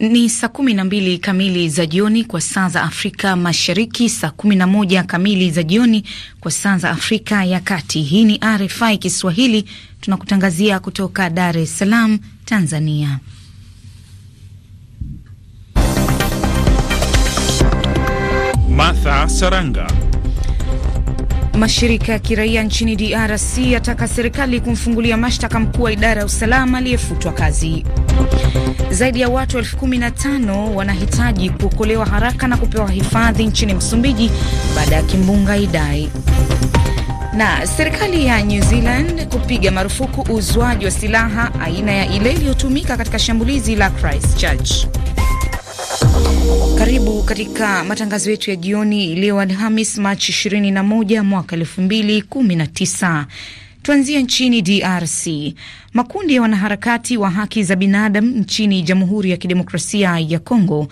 Ni saa kumi na mbili kamili za jioni kwa saa za Afrika Mashariki, saa kumi na moja kamili za jioni kwa saa za Afrika ya Kati. Hii ni RFI Kiswahili, tunakutangazia kutoka Dar es Salaam, Tanzania. Martha Saranga. Mashirika ya kiraia nchini DRC yataka serikali kumfungulia mashtaka mkuu wa idara ya usalama aliyefutwa kazi. Zaidi ya watu elfu kumi na tano wanahitaji kuokolewa haraka na kupewa hifadhi nchini Msumbiji baada ya kimbunga Idai. Na serikali ya New Zealand kupiga marufuku uuzwaji wa silaha aina ya ile iliyotumika katika shambulizi la Christchurch. Karibu katika matangazo yetu ya jioni leo Alhamis, Machi 21 mwaka 2019. tuanzie nchini DRC. Makundi ya wanaharakati wa haki za binadamu nchini Jamhuri ya Kidemokrasia ya Kongo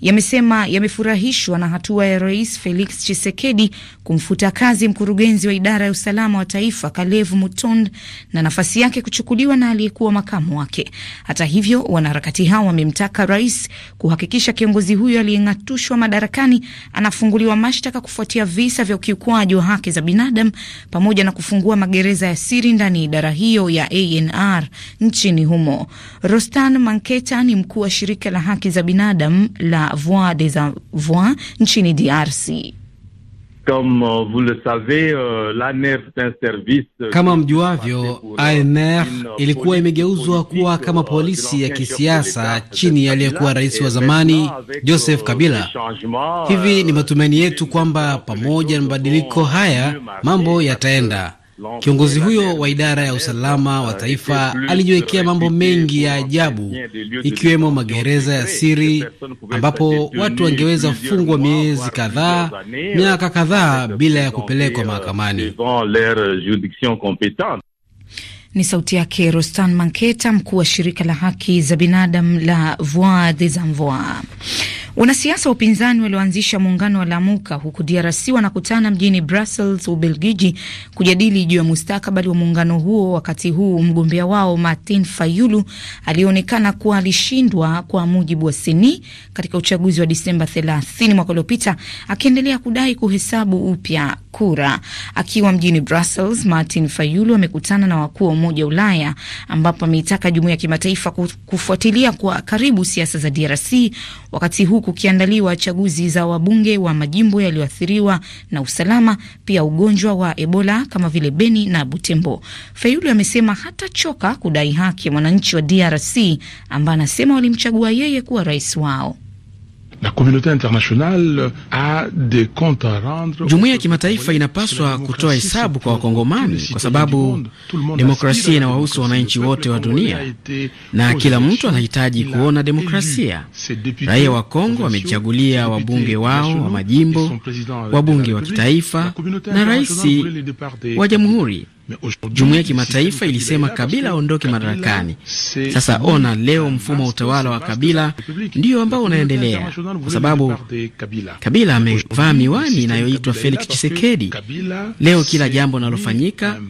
yamesema yamefurahishwa na hatua ya Rais Felix Tshisekedi kumfuta kazi mkurugenzi wa idara ya usalama wa taifa kalev Mutond na nafasi yake kuchukuliwa na aliyekuwa makamu wake. Hata hivyo, wanaharakati hao wamemtaka rais kuhakikisha kiongozi huyo aliyeng'atushwa madarakani anafunguliwa mashtaka kufuatia visa vya ukiukwaji wa haki za binadamu pamoja na kufungua magereza ya siri ndani ya idara hiyo ya ANR nchini humo. Rostan Manketa ni mkuu wa shirika la haki za binadamu la Voix des Voix nchini DRC. Euh, euh, kama mjuavyo ANR ilikuwa imegeuzwa kuwa kama euh, polisi ya kisiasa chini ya aliyekuwa rais wa zamani Joseph Kabila. Hivi ni matumaini yetu kwamba pamoja na mabadiliko haya mambo yataenda Kiongozi huyo wa idara ya usalama wa taifa alijiwekea mambo mengi ya ajabu, ikiwemo magereza ya siri ambapo watu wangeweza fungwa miezi kadhaa, miaka kadhaa bila ya kupelekwa mahakamani. Ni sauti yake Rostan Manketa, mkuu wa shirika la haki za binadamu la Voix des Sans Voix. Wanasiasa wa upinzani walioanzisha muungano wa Lamuka huku DRC wanakutana mjini Brussels, Ubelgiji, kujadili juu ya mustakabali wa muungano huo, wakati huu mgombea wao Martin Fayulu alionekana kuwa alishindwa kwa mujibu wa Seni katika uchaguzi wa Disemba 30 mwaka uliopita, akiendelea kudai kuhesabu upya kura. Akiwa mjini Brussels, Martin Fayulu amekutana na wakuu wa Umoja wa Ulaya ambapo ameitaka jumuiya ya kimataifa kufuatilia kwa karibu siasa za DRC wakati huu kukiandaliwa chaguzi za wabunge wa majimbo yaliyoathiriwa na usalama, pia ugonjwa wa Ebola kama vile Beni na Butembo. Fayulu amesema hatachoka kudai haki mwananchi wa DRC ambaye anasema walimchagua yeye kuwa rais wao. La communauté internationale a des comptes rendre. Jumuiya ya kimataifa inapaswa kutoa hesabu kwa Wakongomani kwa sababu demokrasia inawahusu wananchi wote wa dunia na kila mtu anahitaji kuona demokrasia. Raia wa Kongo wamechagulia wabunge wao wa majimbo, wabunge wa kitaifa na rais wa jamhuri. Jumuiya ya kimataifa ilisema Kabila aondoke madarakani. Sasa ona leo mfumo wa utawala wa Kabila ndio ambao unaendelea, kwa sababu Kabila amevaa miwani inayoitwa Felix chisekedi Leo kila jambo linalofanyika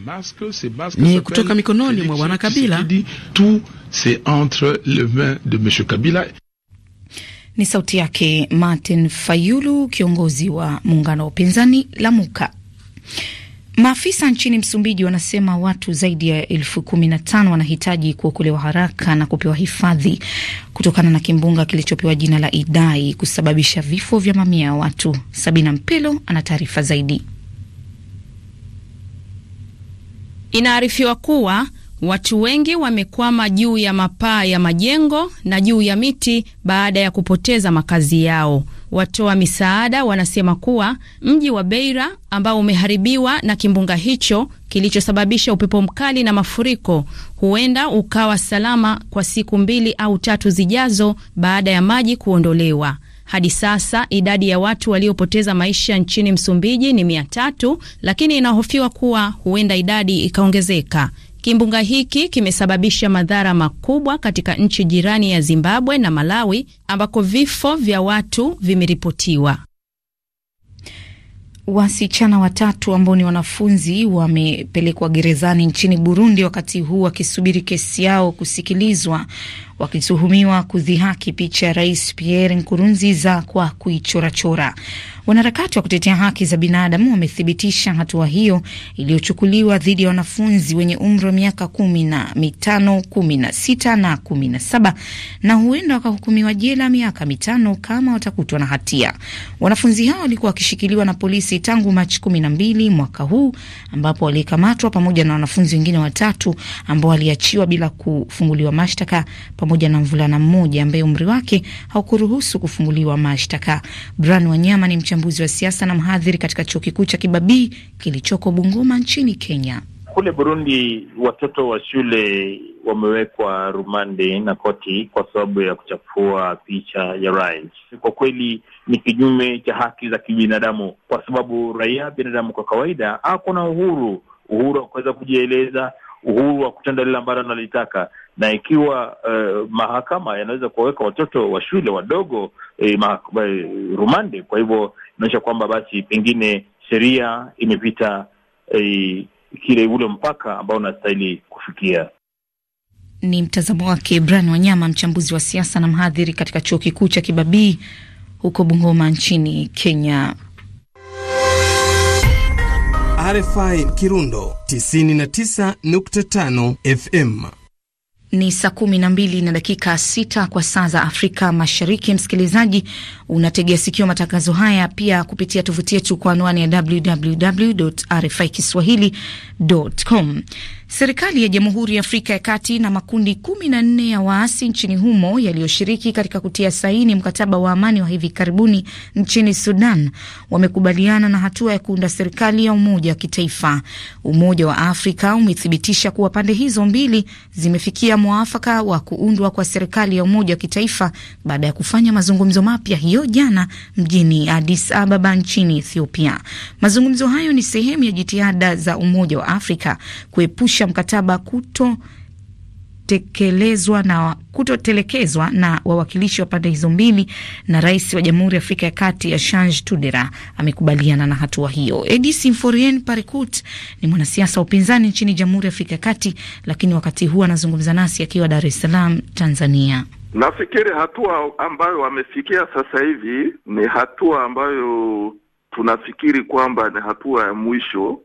ni kutoka mikononi mwa bwana Kabila. Ni sauti yake Martin Fayulu, kiongozi wa muungano wa upinzani Lamuka. Maafisa nchini Msumbiji wanasema watu zaidi ya elfu kumi na tano wanahitaji kuokolewa haraka na kupewa hifadhi kutokana na kimbunga kilichopewa jina la Idai kusababisha vifo vya mamia ya watu. Sabina Mpelo ana taarifa zaidi. Inaarifiwa kuwa watu wengi wamekwama juu ya mapaa ya majengo na juu ya miti baada ya kupoteza makazi yao. Watoa misaada wanasema kuwa mji wa Beira ambao umeharibiwa na kimbunga hicho kilichosababisha upepo mkali na mafuriko huenda ukawa salama kwa siku mbili au tatu zijazo baada ya maji kuondolewa. Hadi sasa idadi ya watu waliopoteza maisha nchini Msumbiji ni mia tatu, lakini inahofiwa kuwa huenda idadi ikaongezeka. Kimbunga hiki kimesababisha madhara makubwa katika nchi jirani ya Zimbabwe na Malawi ambako vifo vya watu vimeripotiwa. Wasichana watatu ambao ni wanafunzi wamepelekwa gerezani nchini Burundi wakati huu wakisubiri kesi yao kusikilizwa wakituhumiwa kudhihaki picha ya Rais Pierre Nkurunziza kwa kuichorachora. Wanaharakati wa kutetea haki za binadamu wamethibitisha hatua wa hiyo iliyochukuliwa dhidi ya wanafunzi wenye umri wa miaka kumi na mitano, kumi na sita na kumi na saba na huenda wakahukumiwa jela miaka mitano kama watakutwa na hatia. Wanafunzi hao walikuwa wakishikiliwa na polisi tangu Machi kumi na mbili mwaka huu ambapo walikamatwa pamoja na wanafunzi wengine watatu ambao waliachiwa bila kufunguliwa mashtaka pamoja na mvulana mmoja ambaye umri wake haukuruhusu kufunguliwa mashtaka. Brian Wanyama ni mchambuzi wa siasa na mhadhiri katika chuo kikuu cha Kibabii kilichoko Bungoma nchini Kenya. Kule Burundi watoto wa shule wamewekwa rumande na koti kwa sababu ya kuchafua picha ya rais. Kwa kweli ni kinyume cha haki za kibinadamu, kwa sababu raia binadamu kwa kawaida ako na uhuru, uhuru wa kuweza kujieleza, uhuru wa kutenda lile ambalo analitaka, na ikiwa uh, mahakama yanaweza kuwaweka watoto wa shule wadogo eh, eh, rumande. Kwa hivyo inaonyesha kwamba basi pengine sheria imepita eh, kile ule mpaka ambao unastahili kufikia. Ni mtazamo wake bran Wanyama, mchambuzi wa siasa na mhadhiri katika chuo kikuu cha Kibabii huko Bungoma nchini Kenya. RFI Kirundo 99.5 FM. Ni saa kumi na mbili na dakika sita kwa saa za Afrika Mashariki. Msikilizaji, unategea sikio matangazo haya pia kupitia tovuti yetu kwa anwani ya www RFI kiswahilicom Serikali ya Jamhuri ya Afrika ya Kati na makundi kumi na nne ya waasi nchini humo yaliyoshiriki katika kutia saini mkataba wa amani wa hivi karibuni nchini Sudan wamekubaliana na hatua ya kuunda serikali ya umoja wa kitaifa. Umoja wa Afrika umethibitisha kuwa pande hizo mbili zimefikia mwafaka wa kuundwa kwa serikali ya umoja wa kitaifa baada ya kufanya mazungumzo mapya hiyo jana mjini Addis Ababa nchini Ethiopia. Mazungumzo hayo ni sehemu ya jitihada za Umoja wa Afrika kuepusha kuhakikisha mkataba kuto tekelezwa na kutotelekezwa na wawakilishi wa pande hizo mbili, na rais wa Jamhuri ya Afrika ya Kati Change Tudera amekubaliana na hatua hiyo. Edis Simforien Parikut ni mwanasiasa wa upinzani nchini Jamhuri ya Afrika ya Kati, lakini wakati huu anazungumza nasi akiwa Dar es Salaam, Tanzania. Nafikiri hatua ambayo wamefikia sasa hivi ni hatua ambayo tunafikiri kwamba ni hatua ya mwisho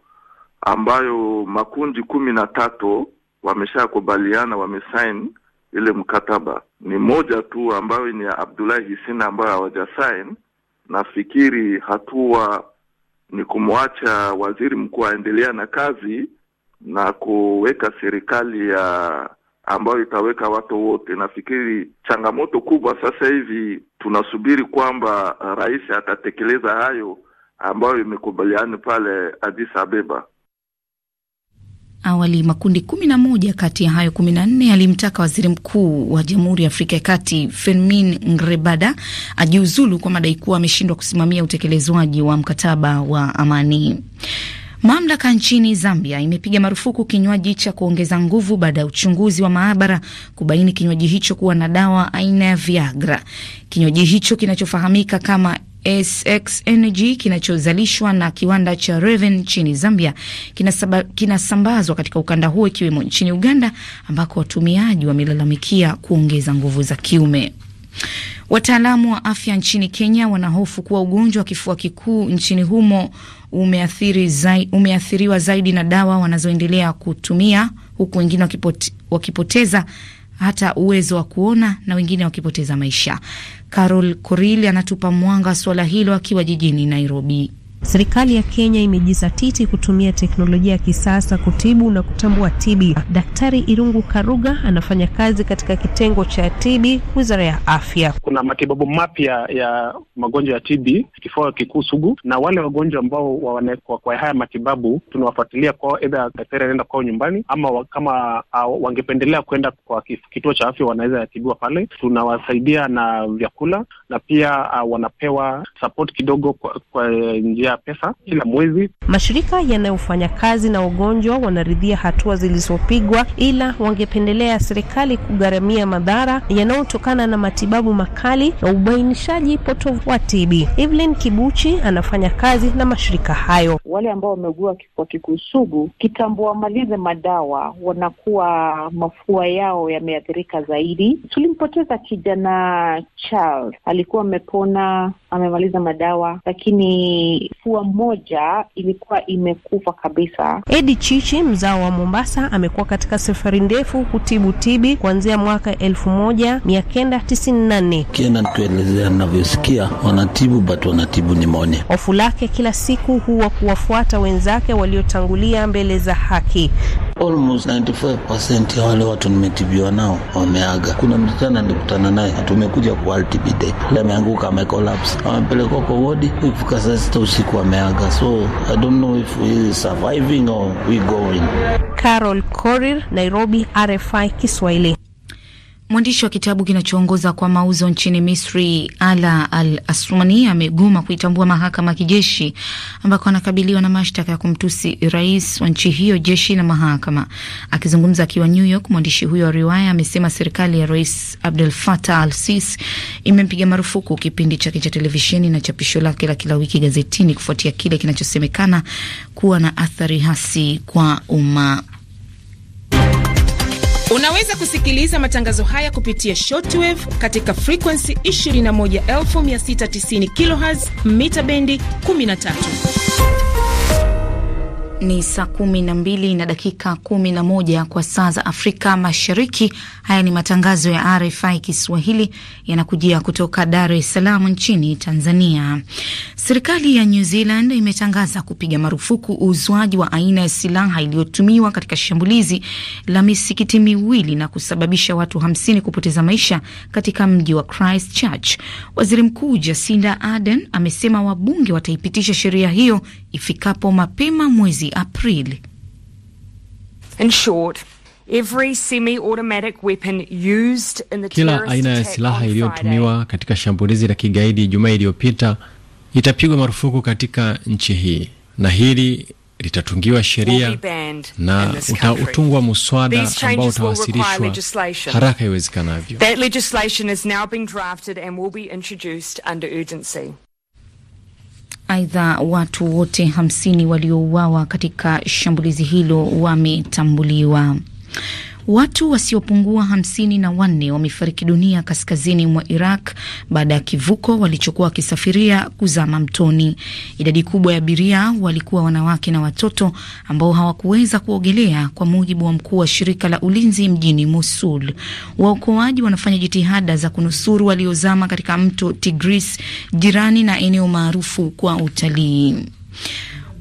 ambayo makundi kumi na tatu wameshakubaliana wamesain ile mkataba. Ni moja tu ambayo ni ya abdulahi Hisina ambayo hawajasain. Nafikiri hatua ni kumwacha waziri mkuu aendelea na kazi na kuweka serikali ya ambayo itaweka watu wote. Nafikiri changamoto kubwa sasa hivi tunasubiri kwamba rais atatekeleza hayo ambayo imekubaliana pale Addis Abeba. Awali makundi kumi na moja kati ya hayo kumi na nne yalimtaka waziri mkuu wa Jamhuri ya Afrika ya Kati fermin Ngrebada ajiuzulu kwa madai kuwa ameshindwa kusimamia utekelezwaji wa mkataba wa amani. Mamlaka nchini Zambia imepiga marufuku kinywaji cha kuongeza nguvu baada ya uchunguzi wa maabara kubaini kinywaji hicho kuwa na dawa aina ya Viagra. Kinywaji hicho kinachofahamika kama SX Energy kinachozalishwa na kiwanda cha Raven nchini Zambia kinasambazwa katika ukanda huo ikiwemo nchini Uganda ambako watumiaji wamelalamikia kuongeza nguvu za kiume. Wataalamu wa afya nchini Kenya wanahofu kuwa ugonjwa wa kifua kikuu nchini humo umeathiri zai, umeathiriwa zaidi na dawa wanazoendelea kutumia huku wengine wakipote, wakipoteza hata uwezo wa kuona na wengine wakipoteza maisha. Carol Kuril anatupa mwanga wa suala hilo akiwa jijini Nairobi. Serikali ya Kenya imejizatiti kutumia teknolojia ya kisasa kutibu na kutambua TB. Daktari Irungu Karuga anafanya kazi katika kitengo cha TB, wizara ya afya. Kuna matibabu mapya ya magonjwa ya TB, kifua kikuu sugu, na wale wagonjwa ambao wanawekwa kwa haya matibabu tunawafuatilia kwao, edha daktari anaenda kwao nyumbani ama kama uh, wangependelea kwenda kwa kituo cha afya wanaweza yatibiwa pale. Tunawasaidia na vyakula na pia uh, wanapewa support kidogo kwa, kwa njia pesa kila mwezi. Mashirika yanayofanya kazi na wagonjwa wanaridhia hatua zilizopigwa, ila wangependelea serikali kugharamia madhara yanayotokana na matibabu makali na ubainishaji potovu wa TB. Evelyn Kibuchi anafanya kazi na mashirika hayo. Wale ambao wameugua kwa kikuu sugu, kitambo wamalize madawa, wanakuwa mafua yao yameathirika zaidi. Tulimpoteza kijana Charles, alikuwa amepona amemaliza madawa, lakini fua moja ilikuwa imekufa kabisa. Edi Chichi mzao wa Mombasa amekuwa katika safari ndefu kutibu tibi kuanzia mwaka elfu moja mia kenda tisini na nne. Kienda nikuelezea navyosikia, wanatibu bat wanatibu nimonia. Hofu lake kila siku huwa kuwafuata wenzake waliotangulia mbele za haki. Almost 95% ya wale watu nimetibiwa nao wameaga. Kuna msichana nilikutana naye tumekuja kualtibide, ameanguka amekolapse amepelekwa kwa wodi, kufika saa sita usiku ameaga, so I don't know if he is surviving or we going. Carol Korir, Nairobi, RFI Kiswahili. Mwandishi wa kitabu kinachoongoza kwa mauzo nchini Misri, Ala Al Aswani, amegoma kuitambua mahakama ya kijeshi ambako anakabiliwa na mashtaka ya kumtusi rais wa nchi hiyo, jeshi na mahakama. Akizungumza akiwa New York, mwandishi huyo wa riwaya amesema serikali ya Rais Abdel Fattah Al Sisi imempiga marufuku kipindi chake cha televisheni na chapisho lake la kila wiki gazetini kufuatia kile kinachosemekana kuwa na athari hasi kwa umma. Unaweza kusikiliza matangazo haya kupitia shortwave katika frekuensi 21690 kHz mita bendi 13. Ni saa kumi na mbili na dakika kumi na moja kwa saa za Afrika Mashariki. Haya ni matangazo ya RFI Kiswahili yanakujia kutoka Dar es Salaam nchini Tanzania. Serikali ya New Zealand imetangaza kupiga marufuku uuzwaji wa aina ya silaha iliyotumiwa katika shambulizi la misikiti miwili na kusababisha watu hamsini kupoteza maisha katika mji wa Christchurch. Waziri Mkuu Jacinda Ardern amesema wabunge wataipitisha sheria hiyo ifikapo mapema mwezi mwezi Aprili. In short, Every semi-automatic weapon used in the kila aina ya silaha iliyotumiwa katika shambulizi la kigaidi Ijumaa iliyopita itapigwa marufuku katika nchi hii, na hili litatungiwa sheria na utautungwa muswada ambao utawasilishwa haraka iwezekanavyo. Aidha, watu wote hamsini waliouawa katika shambulizi hilo wametambuliwa. Watu wasiopungua hamsini na wanne wamefariki dunia kaskazini mwa Iraq baada ya kivuko walichokuwa wakisafiria kuzama mtoni. Idadi kubwa ya abiria walikuwa wanawake na watoto ambao hawakuweza kuogelea, kwa mujibu wa mkuu wa shirika la ulinzi mjini Mosul. Waokoaji wanafanya jitihada za kunusuru waliozama katika mto Tigris, jirani na eneo maarufu kwa utalii.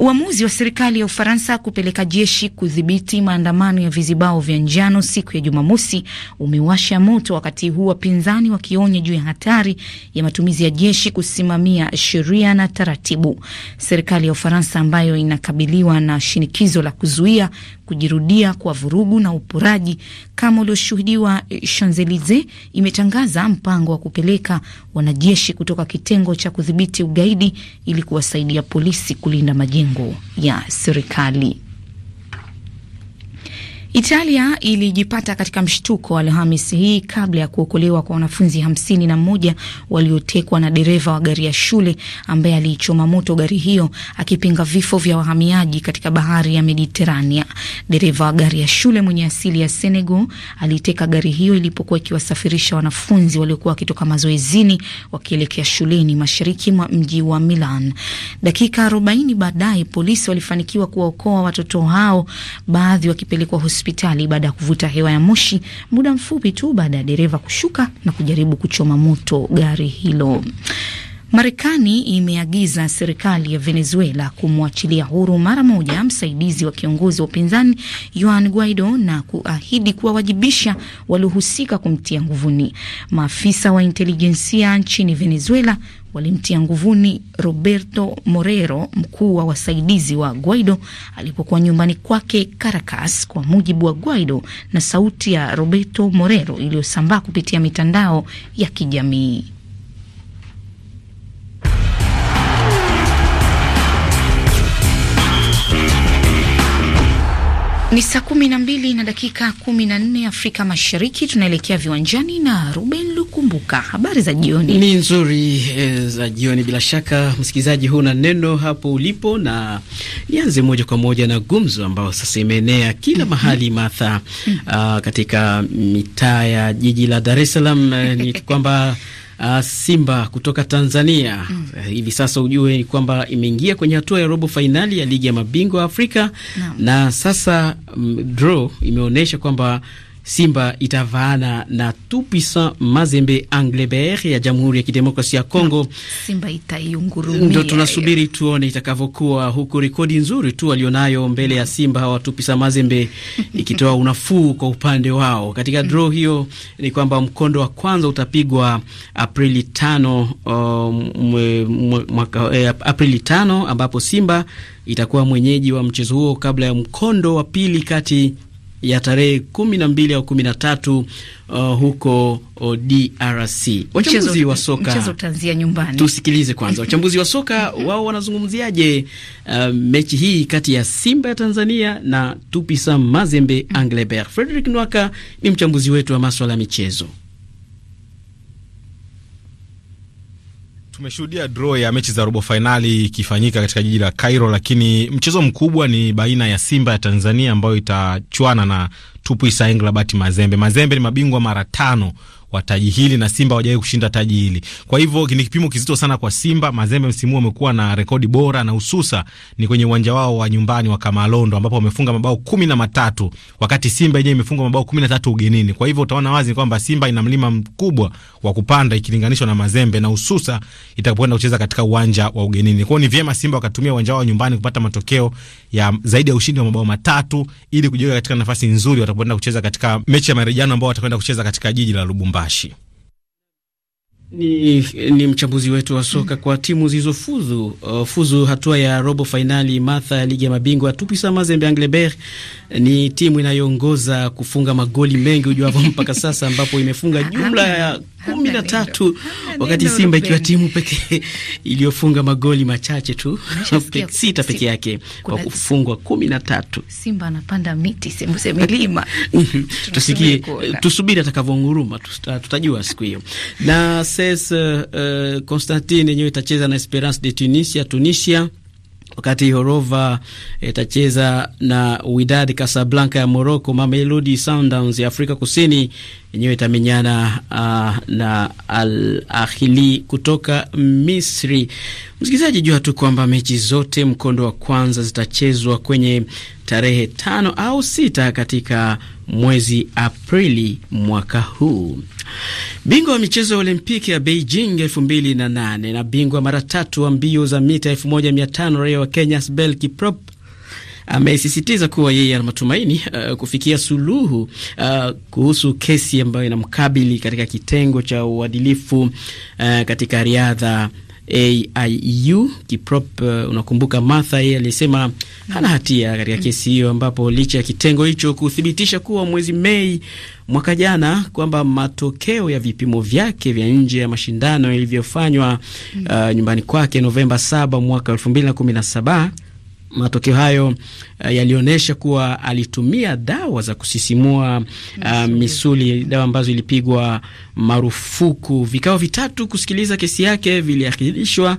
Uamuzi wa serikali ya Ufaransa kupeleka jeshi kudhibiti maandamano ya vizibao vya njano siku ya Jumamosi umewasha moto, wakati huu wapinzani wakionya juu ya hatari ya matumizi ya jeshi kusimamia sheria na taratibu. Serikali ya Ufaransa ambayo inakabiliwa na shinikizo la kuzuia kujirudia kwa vurugu na uporaji kama ulioshuhudiwa Shanzelize, eh, imetangaza mpango wa kupeleka wanajeshi kutoka kitengo cha kudhibiti ugaidi ili kuwasaidia polisi kulinda majengo ya serikali. Italia ilijipata katika mshtuko Alhamisi hii kabla ya kuokolewa kwa wanafunzi hamsini na mmoja waliotekwa na dereva wa gari ya shule ambaye aliichoma moto gari hiyo akipinga vifo vya wahamiaji katika bahari ya Mediterania. Dereva wa gari ya shule mwenye asili ya Senegal aliteka gari hiyo ilipokuwa ikiwasafirisha wanafunzi waliokuwa wakitoka mazoezini wakielekea shuleni mashariki mwa mji wa Milan. Dakika arobaini baadaye polisi walifanikiwa kuwaokoa watoto hao, baadhi wakipelekwa hospitali baada ya kuvuta hewa ya moshi muda mfupi tu baada ya dereva kushuka na kujaribu kuchoma moto gari hilo. Marekani imeagiza serikali ya Venezuela kumwachilia huru mara moja msaidizi wa kiongozi wa upinzani Juan Guaido na kuahidi kuwawajibisha waliohusika kumtia nguvuni. Maafisa wa intelijensia nchini Venezuela walimtia nguvuni Roberto Morero, mkuu wa wasaidizi wa Guaido alipokuwa nyumbani kwake Caracas, kwa mujibu wa Guaido na sauti ya Roberto Morero iliyosambaa kupitia mitandao ya kijamii. Ni saa kumi na mbili na dakika kumi na nne Afrika Mashariki. Tunaelekea viwanjani na Ruben Lukumbuka. Habari za jioni. Ni nzuri e, za jioni bila shaka, msikilizaji, huna neno hapo ulipo, na nianze moja kwa moja na gumzo ambao sasa imeenea kila mhm. mahali Martha, mm -hmm. katika mitaa ya jiji la Dar es Salaam eh, ni kwamba uh, Simba kutoka Tanzania mm. Uh, hivi sasa ujue ni kwamba imeingia kwenye hatua ya robo fainali ya ligi ya mabingwa Afrika no. Na sasa um, draw imeonyesha kwamba Simba itavaana na Tupisa Mazembe Anglebert ya Jamhuri ya Kidemokrasia ya Kongo. Simba itaiungurumia, ndo tunasubiri tuone itakavyokuwa, huku rekodi nzuri tu walionayo mbele ya Simba hawa Tupisa Mazembe ikitoa unafuu kwa upande wao katika draw mm-hmm. hiyo. Ni kwamba mkondo wa kwanza utapigwa Aprili tano, um, mwaka, eh, Aprili tano ambapo Simba itakuwa mwenyeji wa mchezo huo kabla ya mkondo wa pili kati ya tarehe kumi na mbili au kumi na tatu uh, huko uh, DRC. Wachambuzi wa soka tusikilize kwanza, wachambuzi wa soka wao wanazungumziaje uh, mechi hii kati ya Simba ya Tanzania na Tupisa Mazembe Anglebert. Frederick Nwaka ni mchambuzi wetu wa maswala ya michezo. Tumeshuhudia draw ya mechi za robo fainali ikifanyika katika jiji la Cairo, lakini mchezo mkubwa ni baina ya Simba ya Tanzania ambayo itachuana na Tupu Bati Mazembe. Mazembe ni mabingwa mara tano wa taji hili na Simba hawajawahi kushinda taji hili. Kwa hivyo ni kipimo kizito sana kwa Simba. Mazembe msimu wamekuwa na rekodi bora na hususa ni kwenye uwanja wao wa nyumbani wa Kamalondo ambapo wamefunga mabao kumi na matatu wakati Simba yenyewe imefunga mabao kumi na tatu ugenini. Kwa hivyo utaona wazi kwamba Simba ina mlima mkubwa wa kupanda ikilinganishwa na Mazembe na hususa itakapoenda kucheza katika uwanja wa ugenini. Kwa hiyo ni vyema Simba wakatumia uwanja wao wa nyumbani kupata matokeo ya zaidi ya ushindi wa mabao matatu ili kujiweka katika nafasi nzuri watakapoenda kucheza katika mechi ya marejano ambao watakwenda kucheza katika jiji la Lubumbashi. Ni, ni mchambuzi wetu wa soka kwa timu zilizofuzu uh, fuzu hatua ya robo fainali matha ya ligi ya mabingwa. Tupisa Mazembe Anglebert ni timu inayoongoza kufunga magoli mengi ujuavyo mpaka sasa, ambapo imefunga jumla ya kumi na tatu wakati Simba ikiwa timu pekee iliyofunga magoli machache tu sita peke yake kwa kufungwa kumi na tatu. Simba anapanda miti sembuse milima. Mhm. Tusikie, tusubiri atakavyonguruma, tutajua siku hiyo. Na ses uh, uh, Constantine yenyewe itacheza na Esperance de Tunisia, Tunisia wakati Horova eh, itacheza na Widad Casablanca ya Morocco. Mamelodi Sundowns ya Afrika Kusini yenyewe itamenyana uh, na Al Ahili kutoka Misri. Msikilizaji, jua tu kwamba mechi zote mkondo wa kwanza zitachezwa kwenye tarehe tano au sita katika mwezi Aprili mwaka huu. Bingwa wa michezo ya Olimpiki ya Beijing elfu mbili na nane na bingwa mara tatu wa mbio za mita elfu moja mia tano raia wa Kenya Asbel Kiprop amesisitiza kuwa yeye ana matumaini uh, kufikia suluhu uh, kuhusu kesi ambayo inamkabili katika kitengo cha uadilifu uh, katika riadha AIU Kiprop. Uh, unakumbuka Martha, yeye alisema hana hatia katika kesi hiyo, ambapo licha ya kitengo hicho kuthibitisha kuwa mwezi Mei mwaka jana kwamba matokeo ya vipimo vyake vya nje ya mashindano yalivyofanywa uh, nyumbani kwake Novemba 7 mwaka 2017 matokeo hayo uh, yalionyesha kuwa alitumia dawa za kusisimua uh, misuli, dawa ambazo ilipigwa marufuku. Vikao vitatu kusikiliza kesi yake viliahirishwa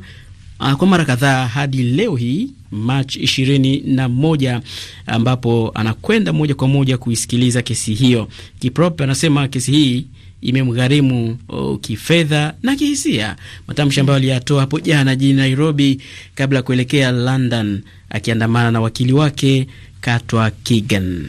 uh, kwa mara kadhaa hadi leo hii Machi ishirini na moja ambapo anakwenda moja kwa moja kuisikiliza kesi hiyo. Kiprop anasema kesi hii imemgharimu oh, kifedha na kihisia, matamshi ambayo aliyatoa hapo jana jijini Nairobi kabla ya kuelekea London akiandamana na wakili wake Katwa Kigan.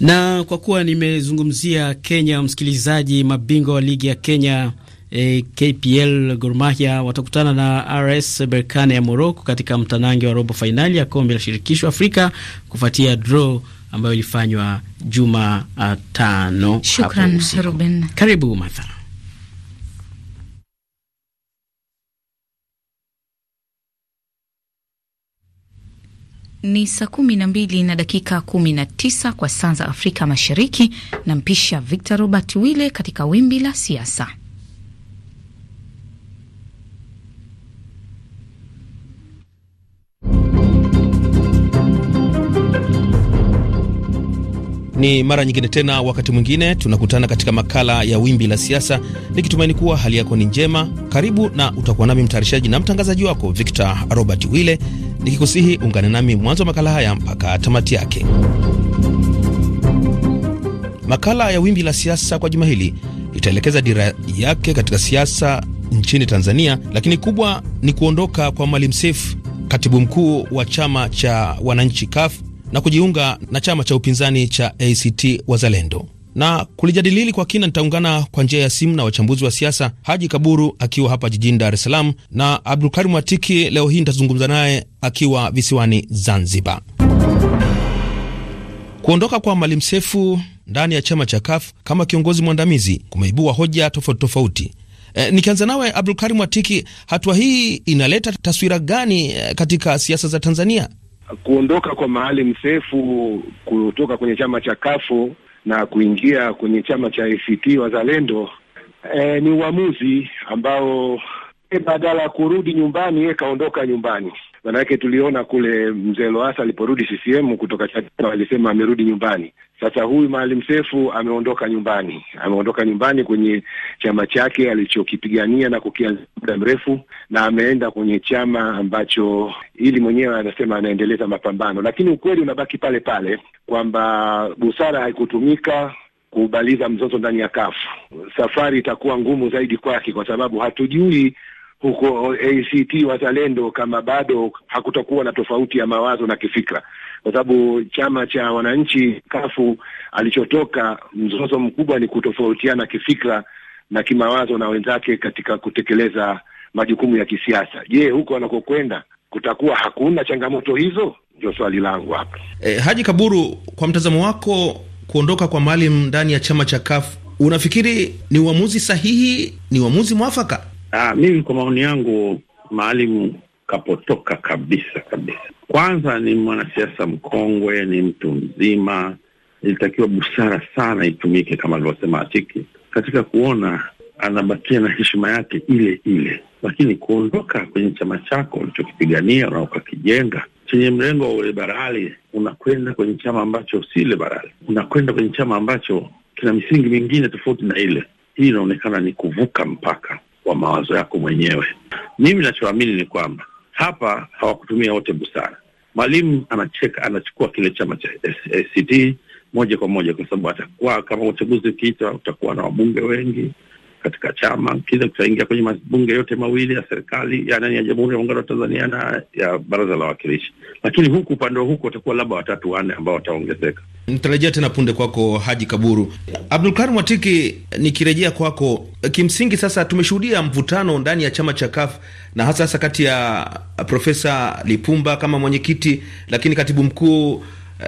Na kwa kuwa nimezungumzia Kenya, msikilizaji, mabingwa wa ligi ya Kenya e, eh, KPL Gor Mahia watakutana na RS Berkane ya Morocco katika mtanange wa robo fainali ya kombe la shirikisho Afrika kufuatia draw ambayo ilifanywa juma tano. Shukran, Ruben. Karibu Martha. Ni saa kumi na mbili na dakika kumi na tisa kwa saa za Afrika Mashariki. Nampisha Victor Robert Wille katika wimbi la siasa. Ni mara nyingine tena, wakati mwingine tunakutana katika makala ya Wimbi la Siasa, nikitumaini kuwa hali yako ni njema. Karibu na utakuwa nami mtayarishaji na mtangazaji wako Victor Robert Wille, nikikusihi ungane nami mwanzo wa makala haya mpaka tamati yake. Makala ya Wimbi la Siasa kwa juma hili itaelekeza dira yake katika siasa nchini Tanzania, lakini kubwa ni kuondoka kwa Mwalimu Seif, katibu mkuu wa chama cha wananchi kafu na kujiunga na chama cha upinzani cha ACT Wazalendo na kulijadilili kwa kina, nitaungana kwa njia ya simu na wachambuzi wa siasa, Haji Kaburu akiwa hapa jijini Dar es Salaam na Abdulkarim Watiki Leo hii nitazungumza naye akiwa visiwani Zanzibar. Kuondoka kwa Maalim Seif ndani ya chama cha KAF kama kiongozi mwandamizi kumeibua hoja tofauti tofauti. E, nikianza nawe Abdulkarim Watiki, hatua hii inaleta taswira gani eh, katika siasa za Tanzania? kuondoka kwa Maalim Seif kutoka kwenye chama cha Kafu na kuingia kwenye chama cha ACT Wazalendo e, ni uamuzi ambao e, badala ya kurudi nyumbani, yeye kaondoka nyumbani. Maanake tuliona kule mzee Loasa aliporudi CCM kutoka Chadema alisema amerudi nyumbani. Sasa huyu Maalim Sefu ameondoka nyumbani, ameondoka nyumbani kwenye chama chake alichokipigania na kukianzia muda mrefu, na ameenda kwenye chama ambacho ili mwenyewe anasema anaendeleza mapambano, lakini ukweli unabaki pale pale kwamba busara haikutumika kubaliza mzozo ndani ya kafu. Safari itakuwa ngumu zaidi kwake, kwa sababu hatujui huko ACT Wazalendo kama bado hakutakuwa na tofauti ya mawazo na kifikra, kwa sababu chama cha wananchi kafu alichotoka mzozo mkubwa ni kutofautiana kifikra na kimawazo na wenzake katika kutekeleza majukumu ya kisiasa. Je, huko wanakokwenda kutakuwa hakuna changamoto hizo? Ndio swali langu hapa. E, Haji Kaburu, kwa mtazamo wako, kuondoka kwa Maalim ndani ya chama cha kafu unafikiri ni uamuzi sahihi? Ni uamuzi mwafaka? Ah, mimi kwa maoni yangu Maalim kapotoka kabisa kabisa. Kwanza ni mwanasiasa mkongwe, ni mtu mzima. Ilitakiwa busara sana itumike kama alivyosema Atiki katika kuona anabakia na heshima yake ile ile, lakini kuondoka kwenye chama chako ulichokipigania na ukakijenga chenye mrengo wa uliberali, unakwenda kwenye chama ambacho si liberali, unakwenda kwenye chama ambacho kina misingi mingine tofauti na ile. Hii inaonekana ni kuvuka mpaka wa mawazo yako mwenyewe. Mimi nachoamini ni kwamba hapa hawakutumia wote busara. Mwalimu anacheka, anachukua kile chama cha ACT moja kwa moja, kwa sababu atakuwa kama uchaguzi ukiitwa, utakuwa na wabunge wengi katika chama kisha tutaingia kwenye mabunge yote mawili ya serikali ya nani ya Jamhuri ya Muungano wa Tanzania na ya Baraza la Wawakilishi, lakini huku upande wa huku watakuwa labda watatu wanne ambao wataongezeka. Nitarejea tena punde kwako Haji Kaburu. Abdulkarim Watiki, nikirejea kwako, kimsingi sasa tumeshuhudia mvutano ndani ya chama cha CUF na hasa hasa kati ya Profesa Lipumba kama mwenyekiti, lakini katibu mkuu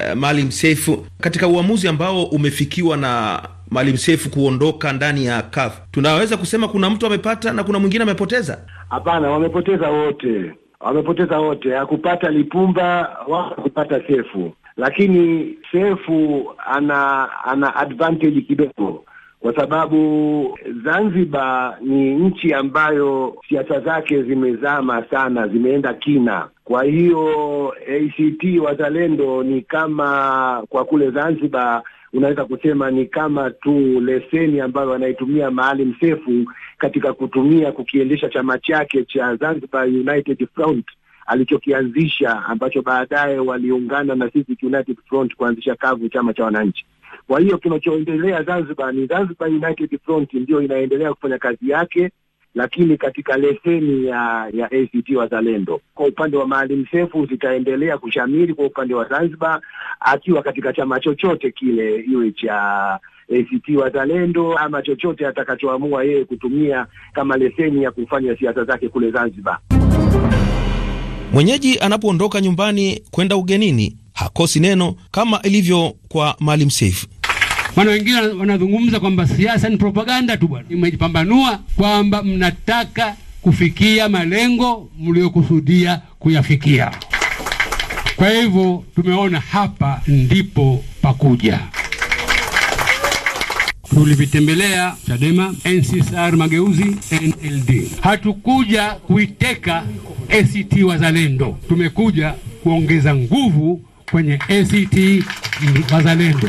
Uh, Maalim Seif katika uamuzi ambao umefikiwa na Maalim Seif kuondoka ndani ya kafu tunaweza kusema kuna mtu amepata na kuna mwingine amepoteza? Hapana, wamepoteza wote, wamepoteza wote. Hakupata Lipumba wala hakupata Sefu, lakini Sefu ana ana advantage kidogo kwa sababu Zanzibar ni nchi ambayo siasa zake zimezama sana, zimeenda kina. Kwa hiyo ACT Wazalendo ni kama kwa kule Zanzibar unaweza kusema ni kama tu leseni ambayo anaitumia Maalim Sefu katika kutumia kukiendesha chama chake cha Zanzibar United Front alichokianzisha ambacho baadaye waliungana na Civic United Front kuanzisha kavu chama cha wananchi. Kwa hiyo kinachoendelea Zanzibar ni Zanzibar United Front ndio inaendelea kufanya kazi yake lakini katika leseni ya ya ACT Wazalendo. Kwa upande wa Maalim Seif zitaendelea kushamiri kwa upande wa Zanzibar, akiwa katika chama chochote kile, iwe cha ACT Wazalendo ama chochote atakachoamua yeye kutumia kama leseni ya kufanya siasa zake kule Zanzibar. Mwenyeji anapoondoka nyumbani kwenda ugenini hakosi neno kama ilivyo kwa Maalim Seif. Maana wengine wanazungumza kwamba siasa ni propaganda tu bwana. Imejipambanua kwamba mnataka kufikia malengo mliokusudia kuyafikia. Kwa hivyo tumeona hapa ndipo pakuja. Tulivitembelea Chadema, NCCR Mageuzi, NLD. Hatukuja kuiteka ACT e Wazalendo, tumekuja kuongeza nguvu kwenye ACT e Wazalendo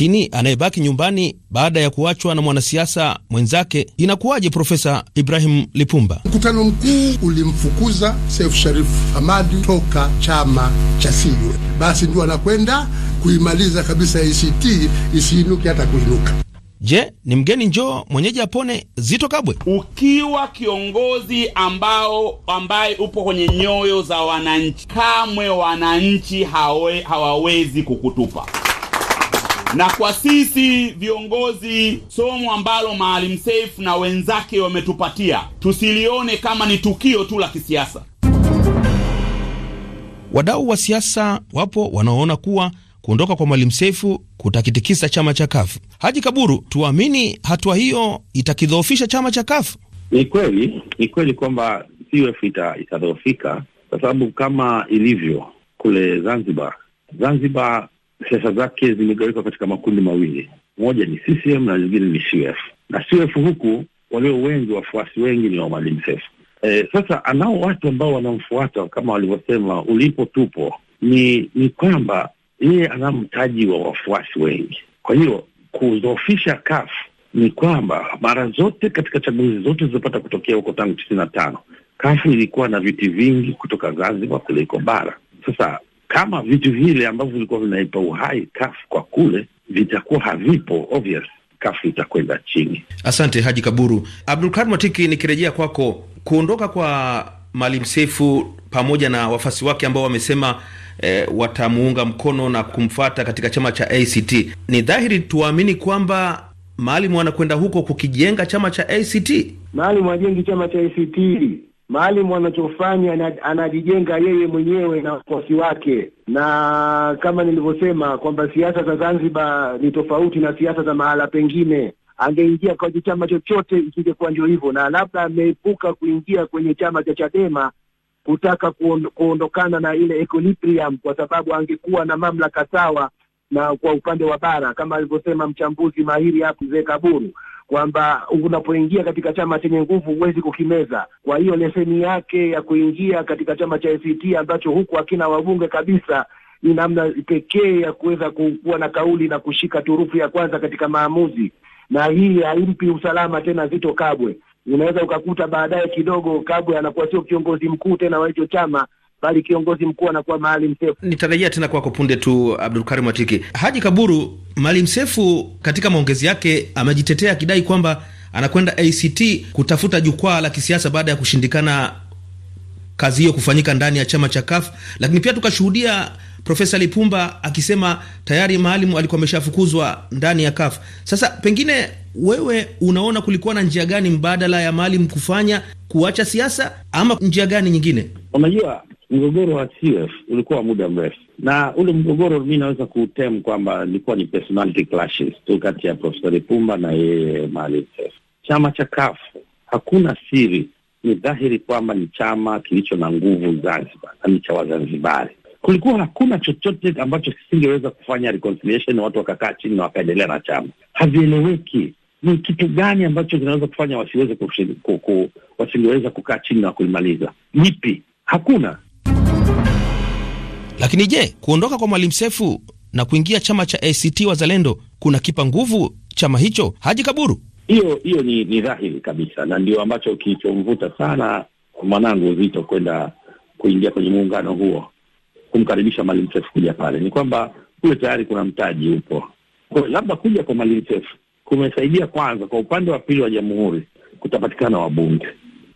lakini anayebaki nyumbani baada ya kuachwa na mwanasiasa mwenzake inakuwaje? Profesa Ibrahim Lipumba, mkutano mkuu ulimfukuza Seif Sharif Hamadi toka chama cha CUF, basi ndio anakwenda kuimaliza kabisa ACT isiinuke hata kuinuka. Je, ni mgeni njoo mwenyeji apone? Zito Kabwe, ukiwa kiongozi ambao ambaye upo kwenye nyoyo za wananchi, kamwe wananchi hawe, hawawezi kukutupa na kwa sisi viongozi, somo ambalo Maalim Seif na wenzake wametupatia tusilione kama ni tukio tu la kisiasa. Wadau wa siasa wapo wanaoona kuwa kuondoka kwa Mwalimu Seif kutakitikisa chama cha kafu. Haji Kaburu, tuamini hatua hiyo itakidhoofisha chama cha kafu? Ni kweli, ni kweli kwamba CUF itadhoofika kwa sababu kama ilivyo kule Zanzibar, Zanzibar siasa zake zimegawika katika makundi mawili, moja ni CCM na zingine ni CUF, na CUF huku walio wengi, wafuasi wengi ni wa Maalim Seif. E, sasa anao watu ambao wanamfuata kama walivyosema, ulipo tupo. Ni ni kwamba yeye ana mtaji wa wafuasi wengi, kwa hiyo kudhoofisha CUF ni kwamba mara zote katika chaguzi zote zilizopata kutokea huko tangu tisini na tano CUF ilikuwa na viti vingi kutoka Zanzibar kuliko bara. Sasa kama vitu vile ambavyo vilikuwa vinaipa uhai CAF kwa kule vitakuwa havipo obvious, CAF itakwenda chini. Asante Haji Kaburu. Abdulkadir Matiki, nikirejea kwako, kuondoka kwa Maalim Sefu pamoja na wafasi wake ambao wamesema E, watamuunga mkono na kumfata katika chama cha ACT, ni dhahiri tuwaamini kwamba maalimu anakwenda huko kukijenga chama cha ACT. Maalimu ajengi chama cha ACT Maalim anachofanya anajijenga yeye mwenyewe na wafuasi wake, na kama nilivyosema kwamba siasa za Zanzibar ni tofauti na siasa za mahala pengine. Angeingia kwenye chama chochote isingekuwa ndio hivyo, na labda ameepuka kuingia kwenye chama cha Chadema kutaka kuondokana na ile equilibrium, kwa sababu angekuwa na mamlaka sawa na kwa upande wa bara, kama alivyosema mchambuzi mahiri hapo Mzee Kaburu kwamba unapoingia katika chama chenye nguvu huwezi kukimeza. Kwa hiyo leseni yake ya kuingia katika chama cha ACT ambacho huku hakina wabunge kabisa ni namna pekee ya kuweza kuwa na kauli na kushika turufu ya kwanza katika maamuzi, na hii haimpi usalama tena Zito Kabwe. Unaweza ukakuta baadaye kidogo Kabwe anakuwa sio kiongozi mkuu tena wa hicho chama, bali kiongozi mkuu anakuwa Maalim Seif. Nitarejea tena kwako punde tu, Karim Atiki. Haji Kaburu, Maalim Seif katika maongezi yake amejitetea akidai kwamba anakwenda ACT kutafuta jukwaa la kisiasa baada ya kushindikana kazi hiyo kufanyika ndani ya chama cha CUF, lakini pia tukashuhudia Profesa Lipumba akisema tayari Maalimu alikuwa ameshafukuzwa ndani ya CUF. Sasa pengine wewe unaona kulikuwa na njia gani mbadala ya Maalimu kufanya kuacha siasa ama njia gani nyingine? Unajua, mgogoro wa CUF ulikuwa wa muda mrefu, na ule mgogoro mi naweza kutem kwamba ilikuwa ni personality clashes tu kati ya Profesa Lipumba na yeye Maalim Seif. Chama cha CUF hakuna siri ni dhahiri kwamba ni chama kilicho na nguvu Zanzibar na ni cha Wazanzibari. Kulikuwa hakuna chochote ambacho kisingeweza kufanya reconciliation, watu wakakaa chini na wakaendelea na chama. Havieleweki ni kitu gani ambacho kinaweza kufanya wasiweze wasingeweza kukaa chini na kulimaliza, nipi? Hakuna. Lakini je, kuondoka kwa Mwalimu Sefu na kuingia chama cha ACT Wazalendo kuna kipa nguvu chama hicho? Haji Kaburu hiyo hiyo ni, ni dhahiri kabisa, na ndio ambacho kilichomvuta sana mwanangu Zito kwenda kuingia kwenye muungano huo, kumkaribisha Maalim Seif kuja pale, ni kwamba kule tayari kuna mtaji upo. Kwa labda kuja kwa Maalim Seif kumesaidia kwanza, kwa upande wa pili wa jamhuri kutapatikana wabunge.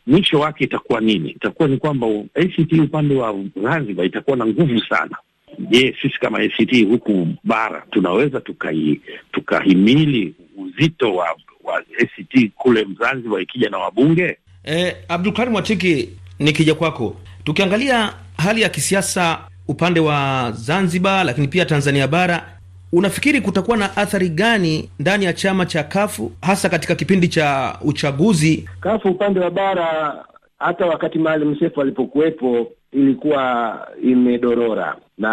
Mwisho wake itakuwa nini? Itakuwa ni kwamba ACT upande wa Zanzibar itakuwa na nguvu sana. Je, sisi kama ACT huku bara tunaweza tukahimili tukahimili uzito wa wa ACT kule Zanzibar ikija na wabunge eh. Abdulkarim Mwatiki, nikija kwako, tukiangalia hali ya kisiasa upande wa Zanzibar lakini pia Tanzania bara unafikiri kutakuwa na athari gani ndani ya chama cha Kafu hasa katika kipindi cha uchaguzi? Kafu upande wa bara, hata wakati Maalim msefu alipokuwepo ilikuwa imedorora, na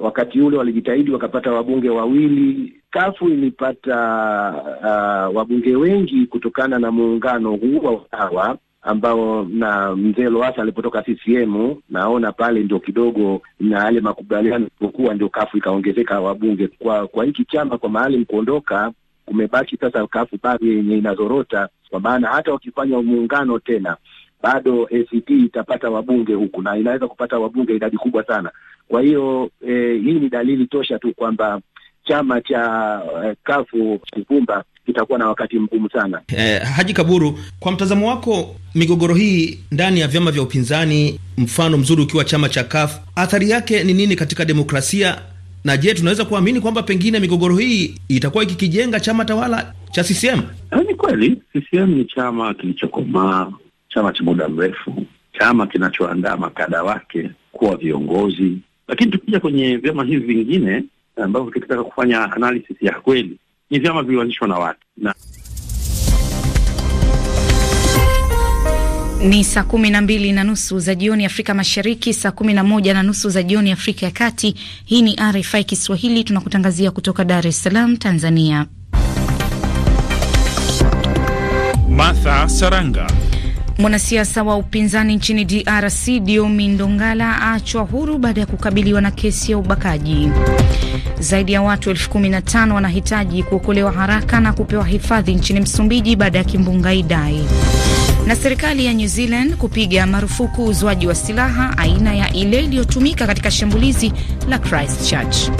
wakati ule walijitahidi wakapata wabunge wawili. Kafu ilipata uh, wabunge wengi kutokana na muungano huu wa Ukawa ambao na mzee loasa alipotoka CCM, naona pale ndio kidogo na yale makubaliano ilipokuwa, ndio Kafu ikaongezeka wabunge kwa kwa hiki chama. Kwa mahali kuondoka kumebaki sasa Kafu bado yenye inazorota, kwa maana hata wakifanya muungano tena bado ACT itapata wabunge huku na inaweza kupata wabunge idadi kubwa sana. Kwa hiyo eh, hii ni dalili tosha tu kwamba chama cha eh, kafu Kifumba kitakuwa na wakati mgumu sana. Eh, Haji Kaburu, kwa mtazamo wako, migogoro hii ndani ya vyama vya upinzani, mfano mzuri ukiwa chama cha kafu, athari yake ni nini katika demokrasia? Na je, tunaweza kuamini kwamba pengine migogoro hii itakuwa ikikijenga chama tawala cha CCM? Eh, ni kweli, CCM ni chama kilichokomaa, chama cha muda mrefu, chama kinachoandaa makada wake kuwa viongozi lakini tukija kwenye vyama hivi vingine eh, ambavyo tukitaka kufanya analysis ya kweli, ni vyama vilivyoanzishwa na watu na Ni saa kumi na mbili na nusu za jioni Afrika Mashariki, saa kumi na moja na nusu za jioni Afrika ya Kati. Hii ni RFI Kiswahili, tunakutangazia kutoka Dar es Salaam, Tanzania. Martha Saranga. Mwanasiasa wa upinzani nchini DRC Diomi Ndongala aachwa huru baada ya kukabiliwa na kesi ya ubakaji. Zaidi ya watu elfu kumi na tano wanahitaji kuokolewa haraka na kupewa hifadhi nchini Msumbiji baada ya kimbunga Idai. Na serikali ya New Zealand kupiga marufuku uzwaji wa silaha aina ya ile iliyotumika katika shambulizi la Christchurch.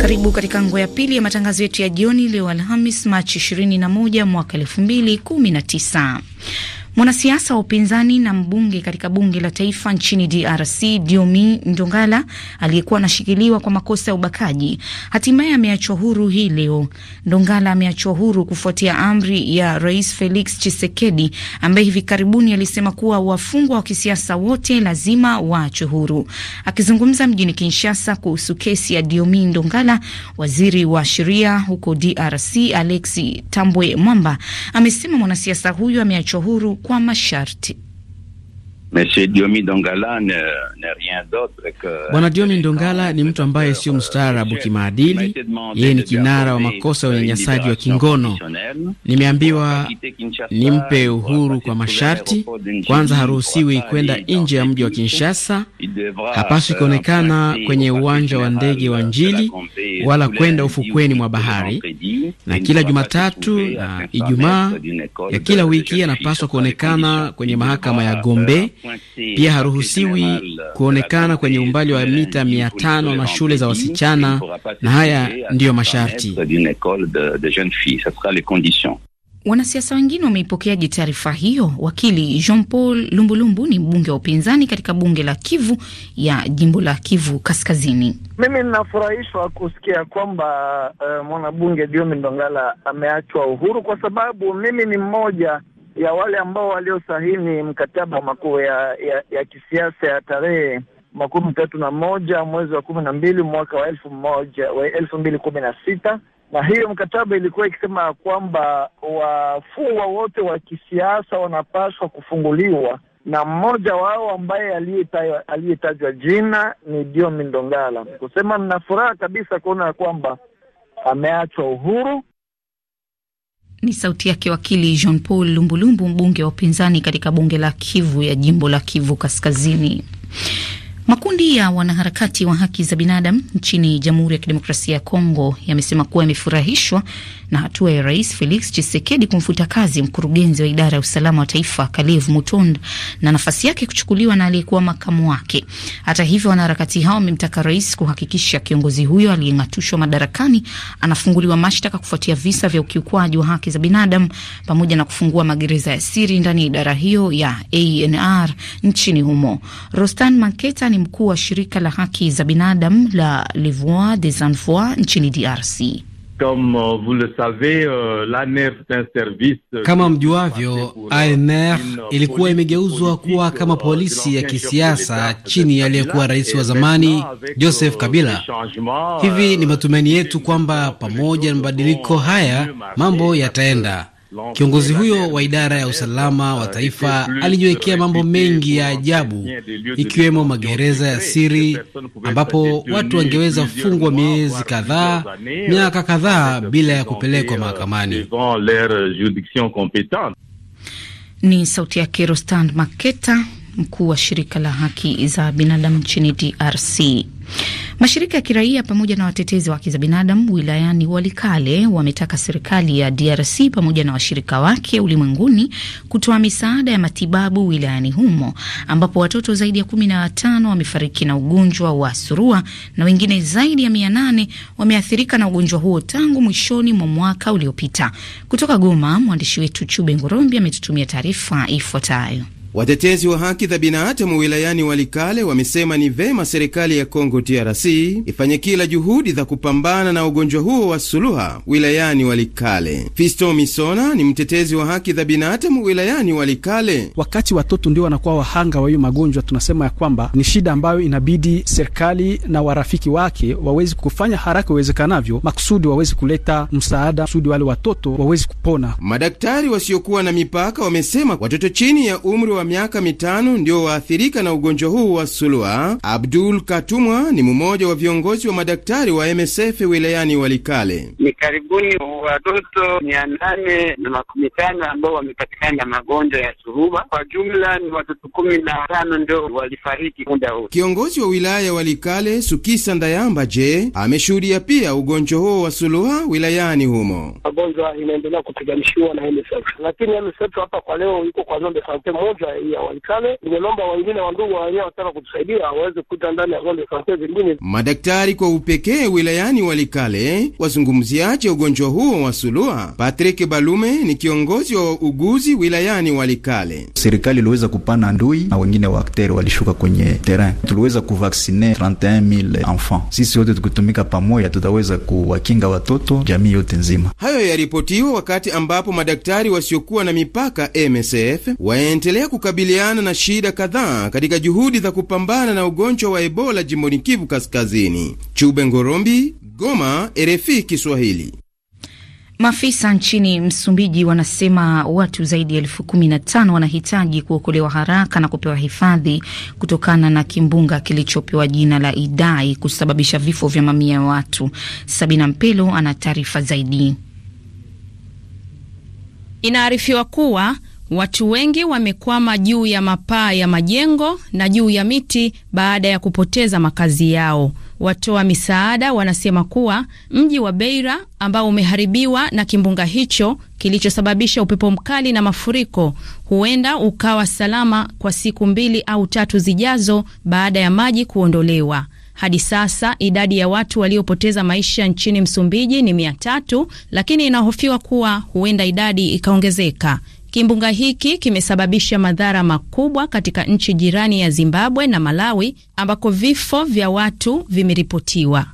Karibu katika ngo ya pili ya matangazo yetu ya jioni leo Alhamis, Machi 21 mwaka 2019. Mwanasiasa wa upinzani na mbunge katika bunge la taifa nchini DRC Diomi Ndongala aliyekuwa anashikiliwa kwa makosa ya ubakaji hatimaye ameachwa huru hii leo. Ndongala ameachwa huru kufuatia amri ya Rais Felix Tshisekedi ambaye hivi karibuni alisema kuwa wafungwa wa kisiasa wote lazima waachwe huru. Akizungumza mjini Kinshasa kuhusu kesi ya Diomi Ndongala, waziri wa sheria huko DRC Alexi Tambwe Mwamba amesema mwanasiasa huyo ameachwa huru kwa masharti Monsieur Diomi Dongala ne, ne rien d'autre que Bwana Diomi Ndongala ni mtu ambaye sio mstaarabu kimaadili. Yeye ni kinara wa makosa ya unyanyasaji wa kingono. Nimeambiwa nimpe uhuru kwa masharti. Kwanza, haruhusiwi kwenda nje ya mji wa Kinshasa, hapaswi kuonekana kwenye uwanja wa ndege wa Njili wala kwenda ufukweni mwa bahari, na kila Jumatatu na Ijumaa ya kila wiki anapaswa kuonekana kwenye mahakama ya Gombe pia haruhusiwi kuonekana kwenye umbali wa mita mia tano na shule za wasichana, na haya ndiyo masharti. Wanasiasa wengine wameipokeaje taarifa hiyo? Wakili Jean Paul Lumbulumbu ni mbunge wa upinzani katika bunge la Kivu ya jimbo la Kivu Kaskazini. Mimi ninafurahishwa kusikia kwamba uh, mwanabunge Diomi Ndongala ameachwa uhuru, kwa sababu mimi ni mmoja ya wale ambao waliosahini mkataba makuu ya, ya, ya kisiasa ya tarehe makumi tatu na moja mwezi wa kumi na mbili mwaka wa elfu moja wa elfu mbili kumi na sita na hiyo mkataba ilikuwa ikisema ya kwamba wafungwa wote wa kisiasa wanapaswa kufunguliwa na mmoja wao ambaye aliyetajwa jina ni Dio Mindongala. Kusema nina furaha kabisa kuona ya kwamba ameachwa uhuru ni sauti yake wakili Jean Paul Lumbulumbu, mbunge wa upinzani katika bunge la Kivu ya jimbo la Kivu Kaskazini. Makundi ya wanaharakati wa haki za binadamu nchini Jamhuri ya Kidemokrasia ya Kongo yamesema kuwa yamefurahishwa na hatua ya Rais Felix Tshisekedi kumfuta kazi mkurugenzi wa idara ya usalama wa taifa Kalev Mutond na nafasi yake kuchukuliwa na aliyekuwa makamu wake. Hata hivyo, wanaharakati hao wamemtaka rais kuhakikisha kiongozi huyo aliyeng'atushwa madarakani anafunguliwa mashtaka kufuatia visa vya ukiukwaji wa haki za binadamu pamoja na kufungua magereza ya siri ndani ya idara hiyo ya ANR nchini humo. Rostan Manketa ni mkuu wa shirika la haki za binadamu la levoi des Sans nchini DRC. Euh, euh, kama mjuavyo, ANR euh, ilikuwa imegeuzwa kuwa kama polisi ya kisiasa chini ya aliyekuwa rais wa zamani Joseph Kabila. Hivi ni matumaini yetu kwamba pamoja na mabadiliko haya mambo yataenda Kiongozi huyo wa idara ya usalama wa taifa alijiwekea mambo mengi ya ajabu, ikiwemo magereza ya siri ambapo watu wangeweza fungwa miezi kadhaa, miaka kadhaa bila ya kupelekwa mahakamani. Ni sauti yake Rostand Maketa, mkuu wa shirika la haki za binadamu nchini DRC. Mashirika ya kiraia pamoja na watetezi wa haki za binadamu wilayani Walikale wametaka serikali ya DRC pamoja na washirika wake ulimwenguni kutoa misaada ya matibabu wilayani humo ambapo watoto zaidi ya kumi na watano wamefariki na ugonjwa wa surua na wengine zaidi ya mia nane wameathirika na ugonjwa huo tangu mwishoni mwa mwaka uliopita. Kutoka Goma, mwandishi wetu Chube Ngorombi ametutumia taarifa ifuatayo. Watetezi wa haki za binadamu wilayani Walikale wamesema ni vema serikali ya congo DRC ifanye kila juhudi za kupambana na ugonjwa huo wa suluha wilayani Walikale. Fisto Misona ni mtetezi wa haki za binadamu wilayani Walikale. Wakati watoto ndio wanakuwa wahanga wa hiyo magonjwa, tunasema ya kwamba ni shida ambayo inabidi serikali na warafiki wake wawezi kufanya haraka iwezekanavyo, makusudi wawezi kuleta msaada, makusudi wale watoto wawezi kupona. Madaktari wasiokuwa na mipaka wamesema watoto chini ya umri wa wa miaka mitano ndio waathirika na ugonjwa huu wa sulua. Abdul Katumwa ni mmoja wa viongozi wa madaktari wa MSF wilayani Walikale. Ni karibuni watoto mia nane na makumi tano ambao wamepatikana na magonjwa ya suruba. Kwa jumla ni watoto kumi na tano ndio walifariki muda huu. Kiongozi wa wilaya ya Walikale Sukisa Ndayamba je, ameshuhudia pia ugonjwa huo wa suluha wilayani humo. Magonjwa inaendelea kupiganishiwa na MSF, lakini MSF hapa kwa leo iko kwa zone de moja ya Walikale. wengine wenyewe wataka kutusaidia waweze ndani ya zingine. Madaktari kwa upekee wilayani Walikale wazungumziaje ugonjwa huo wa sulua? Patrick Balume ni kiongozi wa uguzi wilayani Walikale. Serikali iliweza kupana ndui na wengine wa akteri walishuka kwenye terrain, tuliweza kuvaksine 31000 enfants. Sisi wote tukitumika pamoja, tutaweza kuwakinga watoto jamii yote nzima. Hayo yaripotiwa wakati ambapo madaktari wasiokuwa na mipaka MSF waendelea kukabiliana na shida kadhaa katika juhudi za kupambana na ugonjwa wa Ebola jimboni Kivu Kaskazini. Chube Ngorombi, Goma, RFI Kiswahili. Maafisa nchini Msumbiji wanasema watu zaidi ya elfu kumi na tano wanahitaji kuokolewa haraka na kupewa hifadhi kutokana na kimbunga kilichopewa jina la Idai kusababisha vifo vya mamia ya watu. Sabina Mpelo ana taarifa zaidi. Inaarifiwa kuwa Watu wengi wamekwama juu ya mapaa ya majengo na juu ya miti baada ya kupoteza makazi yao. Watoa misaada wanasema kuwa mji wa Beira ambao umeharibiwa na kimbunga hicho kilichosababisha upepo mkali na mafuriko huenda ukawa salama kwa siku mbili au tatu zijazo baada ya maji kuondolewa. Hadi sasa idadi ya watu waliopoteza maisha nchini Msumbiji ni mia tatu, lakini inahofiwa kuwa huenda idadi ikaongezeka. Kimbunga hiki kimesababisha madhara makubwa katika nchi jirani ya Zimbabwe na Malawi ambako vifo vya watu vimeripotiwa.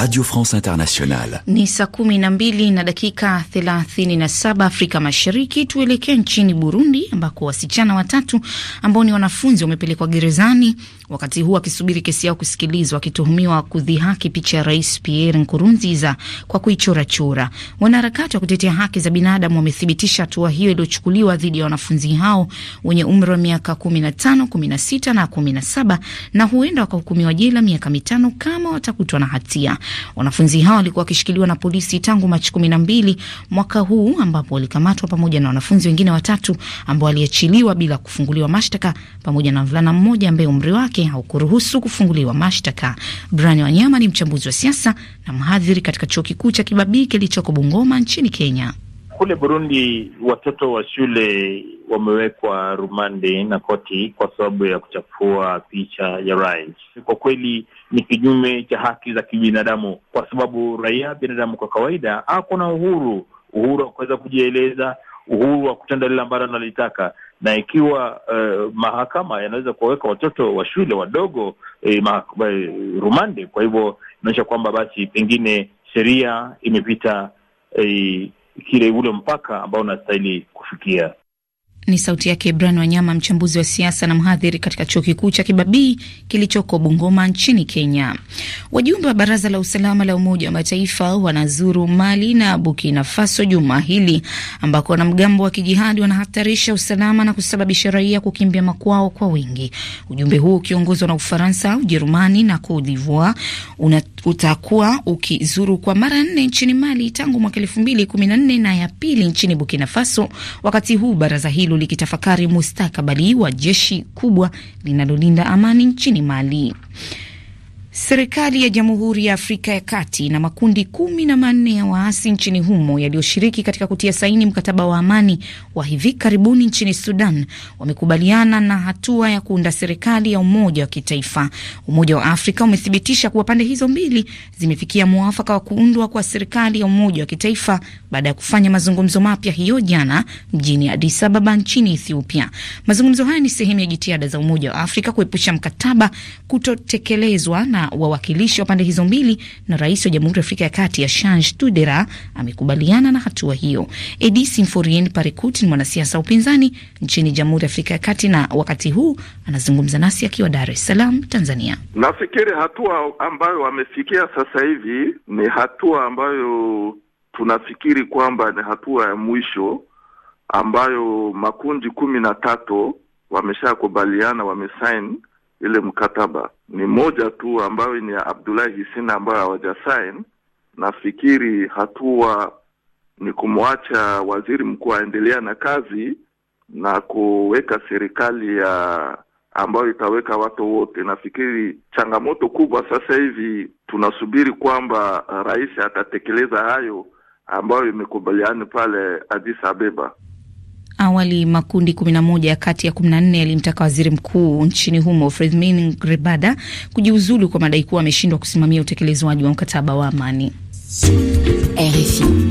Radio France Internationale. Ni saa kumi na mbili na dakika 37 Afrika Mashariki. Tuelekee nchini Burundi ambako wasichana watatu ambao ni wanafunzi wamepelekwa gerezani wakati huu akisubiri kesi yao kusikilizwa, akituhumiwa kudhihaki picha ya Rais Pierre Nkurunziza kwa kuichorachora. Wanaharakati wa kutetea haki za binadamu wamethibitisha hatua hiyo iliyochukuliwa dhidi ya wanafunzi hao wenye umri wa miaka 15, 16 na 17 na huenda wakahukumiwa jela miaka mitano kama watakutwa na hatia. Wanafunzi hao walikuwa wakishikiliwa na polisi tangu Machi 12 mwaka huu, ambapo walikamatwa pamoja na wanafunzi wengine watatu ambao waliachiliwa bila kufunguliwa mashtaka pamoja na mvulana mmoja ambaye umri wake wake haukuruhusu kufunguliwa mashtaka. Brian Wanyama ni mchambuzi wa siasa na mhadhiri katika chuo kikuu cha Kibabii kilichoko Bungoma nchini Kenya. Kule Burundi watoto wa shule wamewekwa rumande na koti kwa sababu ya kuchafua picha ya rais. Kwa kweli ni kinyume cha haki za kibinadamu, kwa sababu raia binadamu kwa kawaida ako na uhuru, uhuru wa kuweza kujieleza, uhuru wa kutenda lile ambalo analitaka, na ikiwa uh, mahakama yanaweza kuwaweka watoto wa shule wadogo eh, eh, rumande. Kwa hivyo inaonyesha kwamba basi pengine sheria imepita eh, kile ule mpaka ambao unastahili kufikia. Ni sauti yake Bran Wanyama, mchambuzi wa siasa na mhadhiri katika chuo kikuu cha Kibabii kilichoko Bungoma nchini Kenya. Wajumbe wa baraza la usalama la Umoja wa Mataifa wanazuru Mali na Burkina Faso juma hili, ambako wanamgambo wa kijihadi wanahatarisha usalama na kusababisha raia kukimbia makwao kwa wingi. Ujumbe huo ukiongozwa na Ufaransa, Ujerumani na Cote d'Ivoire utakuwa ukizuru kwa mara nne nchini Mali tangu mwaka elfu mbili kumi na nne na ya pili nchini Burkina Faso, wakati huu baraza hilo hilo likitafakari mustakabali wa jeshi kubwa linalolinda amani nchini Mali. Serikali ya Jamhuri ya Afrika ya Kati na makundi kumi na manne ya waasi nchini humo yaliyoshiriki katika kutia saini mkataba wa amani wa hivi karibuni nchini Sudan wamekubaliana na hatua ya kuunda serikali ya umoja wa kitaifa. Umoja wa Afrika umethibitisha kuwa pande hizo mbili zimefikia mwafaka wa kuundwa kwa serikali ya umoja wa kitaifa baada ya kufanya mazungumzo mapya hiyo jana mjini Addis Ababa nchini Ethiopia. Mazungumzo haya ni sehemu ya jitihada za Umoja wa Afrika kuepusha mkataba kutotekelezwa na wawakilishi wa pande hizo mbili, na rais wa Jamhuri ya Afrika ya Kati Ashanj Tudera amekubaliana na hatua hiyo. Edi Simforien Parekut ni mwanasiasa wa upinzani nchini Jamhuri ya Afrika ya Kati na wakati huu anazungumza nasi akiwa Dar es Salaam, Tanzania. Nafikiri hatua ambayo wamefikia sasa hivi ni hatua ambayo tunafikiri kwamba ni hatua ya mwisho ambayo makundi kumi na tatu wameshakubaliana, wamesaini ile mkataba. Ni moja tu ambayo ni ya abdulahi Hisina ambayo hawajasaini. Nafikiri hatua ni kumwacha waziri mkuu aendelea na kazi na kuweka serikali ya ambayo itaweka watu wote. Nafikiri changamoto kubwa sasa hivi tunasubiri kwamba rais atatekeleza hayo ambayo imekubaliana pale Addis Abeba. Awali makundi 11 kati ya 14 yalimtaka waziri mkuu nchini humo Fredmin grebada kujiuzulu kwa madai kuwa ameshindwa kusimamia utekelezwaji wa mkataba wa amani. RFI.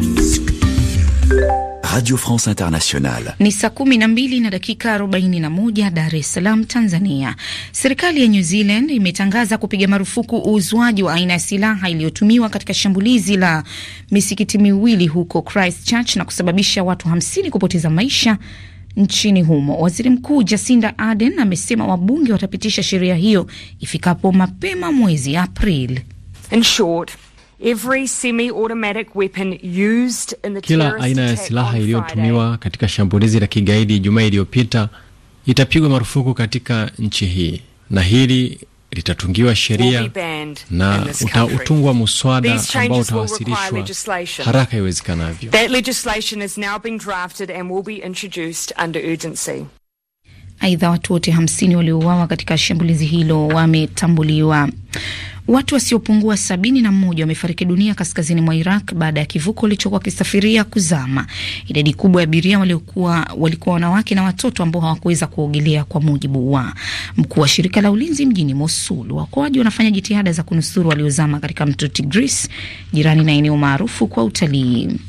Radio France Internationale. Ni saa kumi na dakika 41 Dar es Salaam, Tanzania. Serikali ya New Zealand imetangaza kupiga marufuku uuzwaji wa aina ya silaha iliyotumiwa katika shambulizi la misikiti miwili huko Christchurch na kusababisha watu hamsini kupoteza maisha nchini humo. Waziri Mkuu Jacinda Ardern amesema wabunge watapitisha sheria hiyo ifikapo mapema mwezi Aprili. Kila aina ya silaha iliyotumiwa katika shambulizi la kigaidi Ijumaa iliyopita itapigwa marufuku katika nchi hii, na hili litatungiwa sheria na utautungwa muswada ambao utawasilishwa haraka iwezekanavyo. Aidha, watu wote hamsini waliouawa katika shambulizi hilo wametambuliwa. Watu wasiopungua sabini na mmoja wamefariki dunia kaskazini mwa Iraq baada ya kivuko walichokuwa wakisafiria kuzama. Idadi kubwa ya abiria waliokuwa walikuwa wanawake na watoto ambao hawakuweza kuogelea, kwa mujibu wa mkuu wa shirika la ulinzi mjini Mosul. Waokoaji wanafanya jitihada za kunusuru waliozama katika mto Tigris, jirani na eneo maarufu kwa utalii.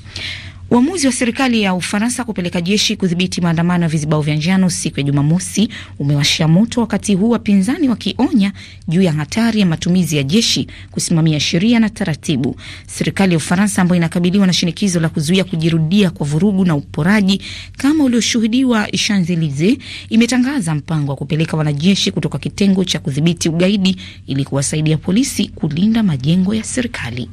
Uamuzi wa serikali ya Ufaransa kupeleka jeshi kudhibiti maandamano ya vizibao vya njano siku ya Jumamosi umewashia moto, wakati huu wapinzani wakionya juu ya hatari ya matumizi ya jeshi kusimamia sheria na taratibu. Serikali ya Ufaransa ambayo inakabiliwa na shinikizo la kuzuia kujirudia kwa vurugu na uporaji kama ulioshuhudiwa Shanzelize, imetangaza mpango wa kupeleka wanajeshi kutoka kitengo cha kudhibiti ugaidi ili kuwasaidia polisi kulinda majengo ya serikali.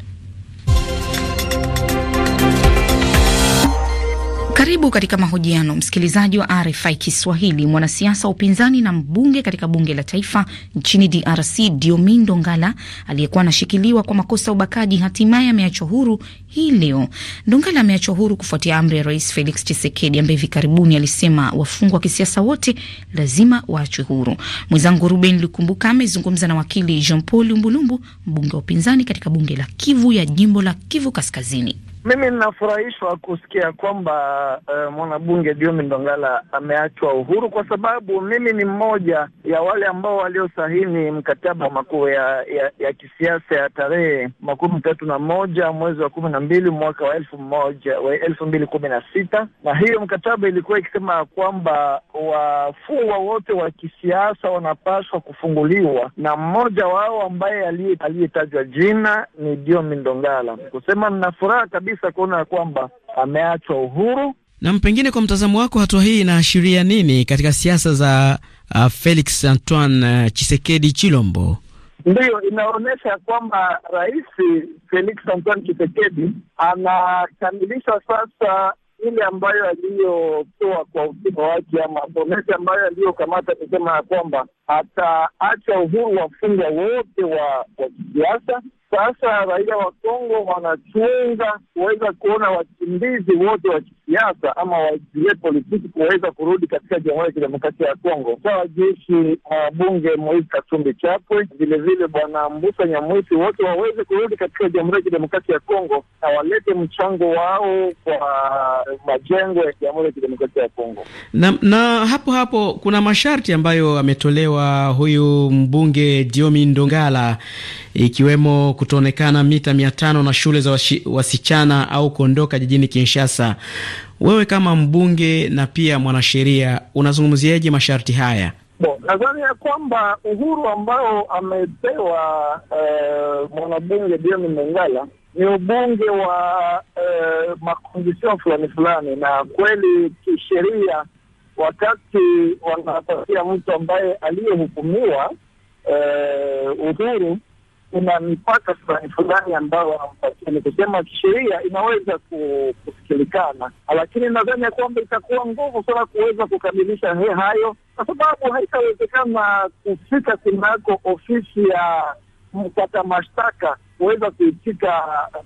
Karibu katika mahojiano, msikilizaji wa RFI Kiswahili. Mwanasiasa wa upinzani na mbunge katika bunge la taifa nchini DRC Diomindo Ngala aliyekuwa anashikiliwa kwa makosa ya ubakaji hatimaye ameachwa huru hii leo. Ndongala ameachwa huru kufuatia amri ya Rais Felix Tshisekedi ambaye hivi karibuni alisema wafungwa wa kisiasa wote lazima waachwe huru. Mwenzangu Ruben Likumbuka amezungumza na wakili Jean Paul Umbulumbu, mbunge wa upinzani katika bunge la Kivu ya jimbo la Kivu Kaskazini. Mimi ninafurahishwa kusikia kwamba uh, mwanabunge Diomi Ndongala ameachwa uhuru, kwa sababu mimi ni mmoja ya wale ambao waliosahini mkataba makuu ya, ya, ya kisiasa ya tarehe makumi tatu na moja mwezi wa kumi na mbili mwaka wa elfu moja wa elfu mbili kumi na sita na hiyo mkataba ilikuwa ikisema ya kwamba wafungwa wote wa kisiasa wanapaswa kufunguliwa, na mmoja wao ambaye aliyetajwa jina ni Diomi Ndongala. Kusema nina kabisa kabisa kuona kwamba ameachwa uhuru. Na pengine kwa mtazamo wako, hatua hii inaashiria nini katika siasa za uh, Felix Antoine uh, Chisekedi Chilombo? Ndiyo, inaonyesha kwamba Rais Felix Antoine Chisekedi anakamilisha sasa ile ambayo aliyotoa kwa utima wake ama bonesi ambayo aliyokamata kusema ya kwamba ataacha uhuru wafungwa wote wa, wa kisiasa sasa raia wa Kongo wanachunga kuweza kuona wakimbizi wote wa kisiasa ama waie politiki kuweza kurudi katika Jamhuri ya Kidemokrasia ya Kongo, sawa jeshi wa ah, bunge Moise Katumbi Chapwe, vilevile bwana Mbusa Nyamwisi, wote waweze kurudi katika Jamhuri ya Kidemokrasia ya Kongo na walete mchango wao kwa majengo ya Jamhuri ya Kidemokrasia ya Kongo. Na, na hapo hapo kuna masharti ambayo ametolewa huyu mbunge Diomi Ndongala ikiwemo kutoonekana mita mia tano na shule za wasichana au kuondoka jijini Kinshasa. Wewe kama mbunge na pia mwanasheria, unazungumziaje masharti haya? Bo, nadhani ya kwamba uhuru ambao amepewa uh, mwanabunge Dion Mengala ni ubunge wa uh, makondisio fulani fulani, na kweli kisheria, wakati wanapatia mtu ambaye aliyehukumiwa uh, uhuru kuna mipaka fulani fulani ambao wanampatia. Ni kusema kisheria inaweza kusikilikana, lakini nadhani ya kwamba itakuwa nguvu sana kuweza kukamilisha he hayo, kwa sababu haitawezekana kufika kunako ofisi ya mkata mashtaka kuweza kuitika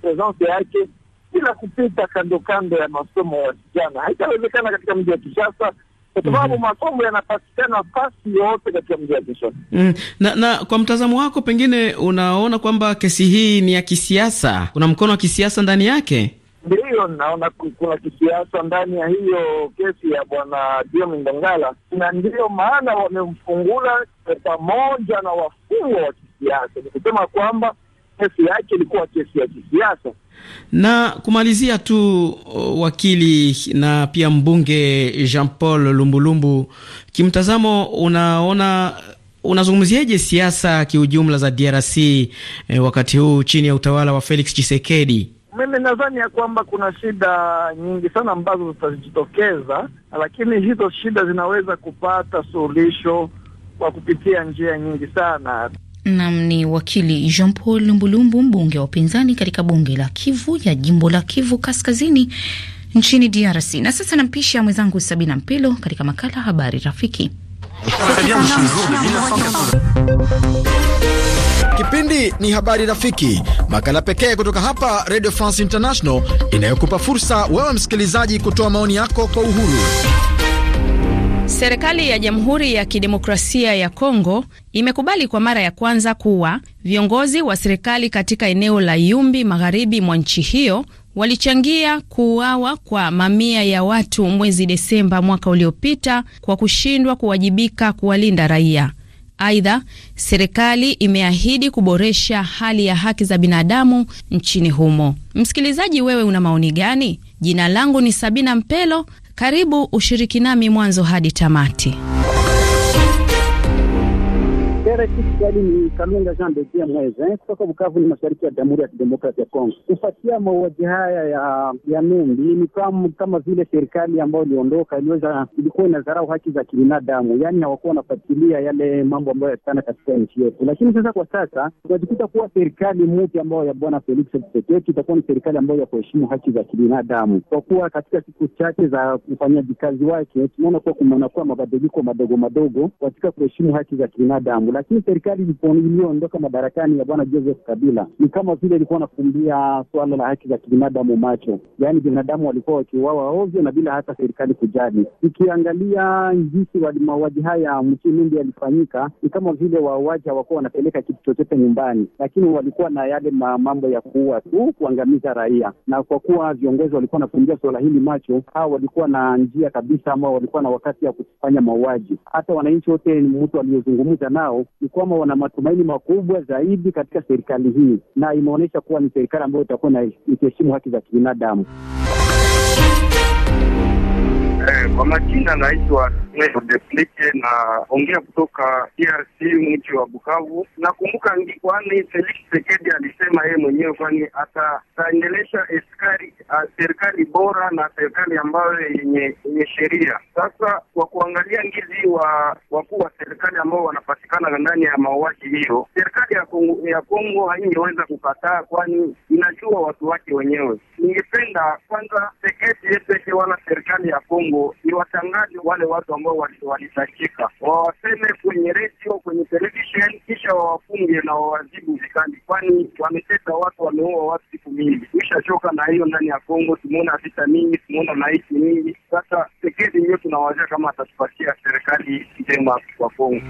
presence yake bila kupita kando kando ya masomo ya vijana. Haitawezekana katika mji wa Kishasa kwa sababu mhm. masomo yanapatikana nafasi yoyote katika mji wa Kishoni. Mm. Na, na kwa mtazamo wako, pengine unaona kwamba kesi hii ni ya kisiasa, kuna mkono wa kisiasa ndani yake? Ndiyo, naona kuna kisiasa ndani ya hiyo kesi ya bwana John Ndongala, na ndiyo maana wamemfungula pamoja na wafungwa wa kisiasa. Ni kusema kwamba kesi yake ilikuwa kesi ya kisiasa. Na kumalizia tu wakili na pia mbunge Jean Paul Lumbulumbu, kimtazamo unaona unazungumziaje siasa kiujumla za DRC eh, wakati huu chini ya utawala wa Felix Tshisekedi? Mimi nadhani ya kwamba kuna shida nyingi sana ambazo zitajitokeza, lakini hizo shida zinaweza kupata suluhisho kwa kupitia njia nyingi sana. Nam ni wakili Jean Paul Lumbulumbu, mbunge wa upinzani katika bunge la Kivu ya jimbo la Kivu Kaskazini nchini DRC. Na sasa nampisha mwenzangu Sabina mpilo katika makala Habari Rafiki. Kipindi ni Habari Rafiki, makala pekee kutoka hapa Radio France International inayokupa fursa wewe msikilizaji kutoa maoni yako kwa uhuru. Serikali ya Jamhuri ya Kidemokrasia ya Kongo imekubali kwa mara ya kwanza kuwa viongozi wa serikali katika eneo la Yumbi magharibi mwa nchi hiyo walichangia kuuawa kwa mamia ya watu mwezi Desemba mwaka uliopita kwa kushindwa kuwajibika kuwalinda raia. Aidha, serikali imeahidi kuboresha hali ya haki za binadamu nchini humo. Msikilizaji, wewe una maoni gani? Jina langu ni Sabina Mpelo, karibu ushiriki nami mwanzo hadi tamati. Kiswahili ni Kalunga Jean de Mweze kutoka Bukavu, ni mashariki ya Jamhuri ya Kidemokrasia ya Kongo. Kufuatia mauaji haya ya ya Numbi, ni kama vile serikali ambayo iliondoka iliweza ilikuwa inadharau haki za kibinadamu, yaani hawakuwa wanafuatilia yale mambo ambayo yatikana katika nchi yetu. Lakini sasa kwa sasa tunajikuta kuwa serikali mpya ambayo ya Bwana Felix Tshisekedi itakuwa ni serikali ambayo ya kuheshimu haki za kibinadamu, kwa kuwa katika siku chache za ufanyaji kazi wake tunaona kuwa kunakuwa mabadiliko madogo madogo katika kuheshimu haki za kibinadamu. Lakini serikali iliyoondoka madarakani ya bwana Joseph Kabila ni kama vile ilikuwa nafumbia suala la haki za kibinadamu macho, yaani binadamu walikuwa wakiuawa ovyo na bila hata serikali kujali. Ikiangalia jinsi mauaji haya mchini India yalifanyika, ni kama vile wauaji hawakuwa wanapeleka kitu chochote nyumbani, lakini walikuwa na yale mambo ya kuua tu, kuangamiza raia. Na kwa kuwa viongozi walikuwa wanafumbia suala hili macho, hawa walikuwa na njia kabisa, ama walikuwa na wakati ya kufanya mauaji. Hata wananchi wote, mtu aliyozungumza nao ni kwamba wana matumaini makubwa zaidi katika serikali hii, na imeonyesha kuwa ni serikali ambayo itakuwa ikiheshimu haki za kibinadamu. Eh, kwa majina naitwa Deflike na ongea kutoka DRC e mji wa Bukavu. Nakumbuka kwani Felix Tshisekedi alisema yeye mwenyewe kwani ataendelesha ah, serikali bora na serikali ambayo yenye yenye sheria. Sasa kwa kuangalia ngizi wa wakuu wa serikali ambao wanapatikana ndani ya mauaji hiyo, serikali ya Kongo, ya Kongo haingeweza kukataa, kwani inajua watu wake wenyewe. Ningependa kwanza Tshisekedi yeye wala serikali ya Kongo Kongo ni watangazi wale watu ambao walitakika wawaseme kwenye redio, kwenye television, kisha wawafunge na wawazibu vikali, kwani wameteta watu, wameua watu siku mingi. Tumeshachoka na hiyo ndani ya Kongo, tumeona vita mingi, tumeona maiti mingi. Sasa pekee ndiyo tunawazia kama atatupatia serikali njema kwa Kongo.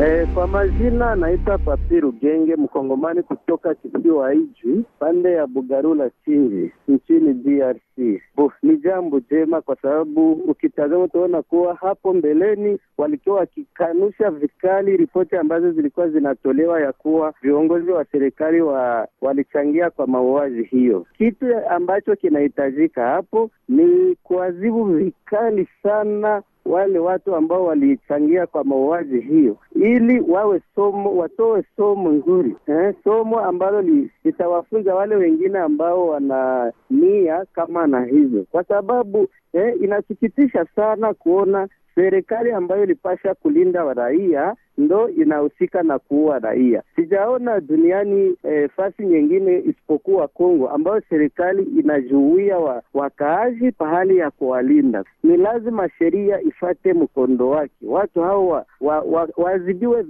E, kwa majina naitwa Papiru Genge, mkongomani kutoka kisiwa Iji, pande ya Bugarula Chinji nchini DRC. Buf, ni jambo jema kwa sababu ukitazama utaona kuwa hapo mbeleni walikuwa wakikanusha vikali ripoti ambazo zilikuwa zinatolewa ya kuwa viongozi wa serikali wa, walichangia kwa mauaji hiyo. Kitu ambacho kinahitajika hapo ni kuadhibu vikali sana wale watu ambao walichangia kwa mauaji hiyo, ili wawe somo, watoe somo nzuri eh, somo ambalo litawafunza wale wengine ambao wana nia kama na hizo, kwa sababu eh, inasikitisha sana kuona serikali ambayo ilipasha kulinda raia ndo inahusika na kuua raia. Sijaona duniani e, fasi nyingine isipokuwa Kongo ambayo serikali inajuia wa, wakaazi pahali ya kuwalinda. Ni lazima sheria ifate mkondo wake, watu hao wa, wa, wa,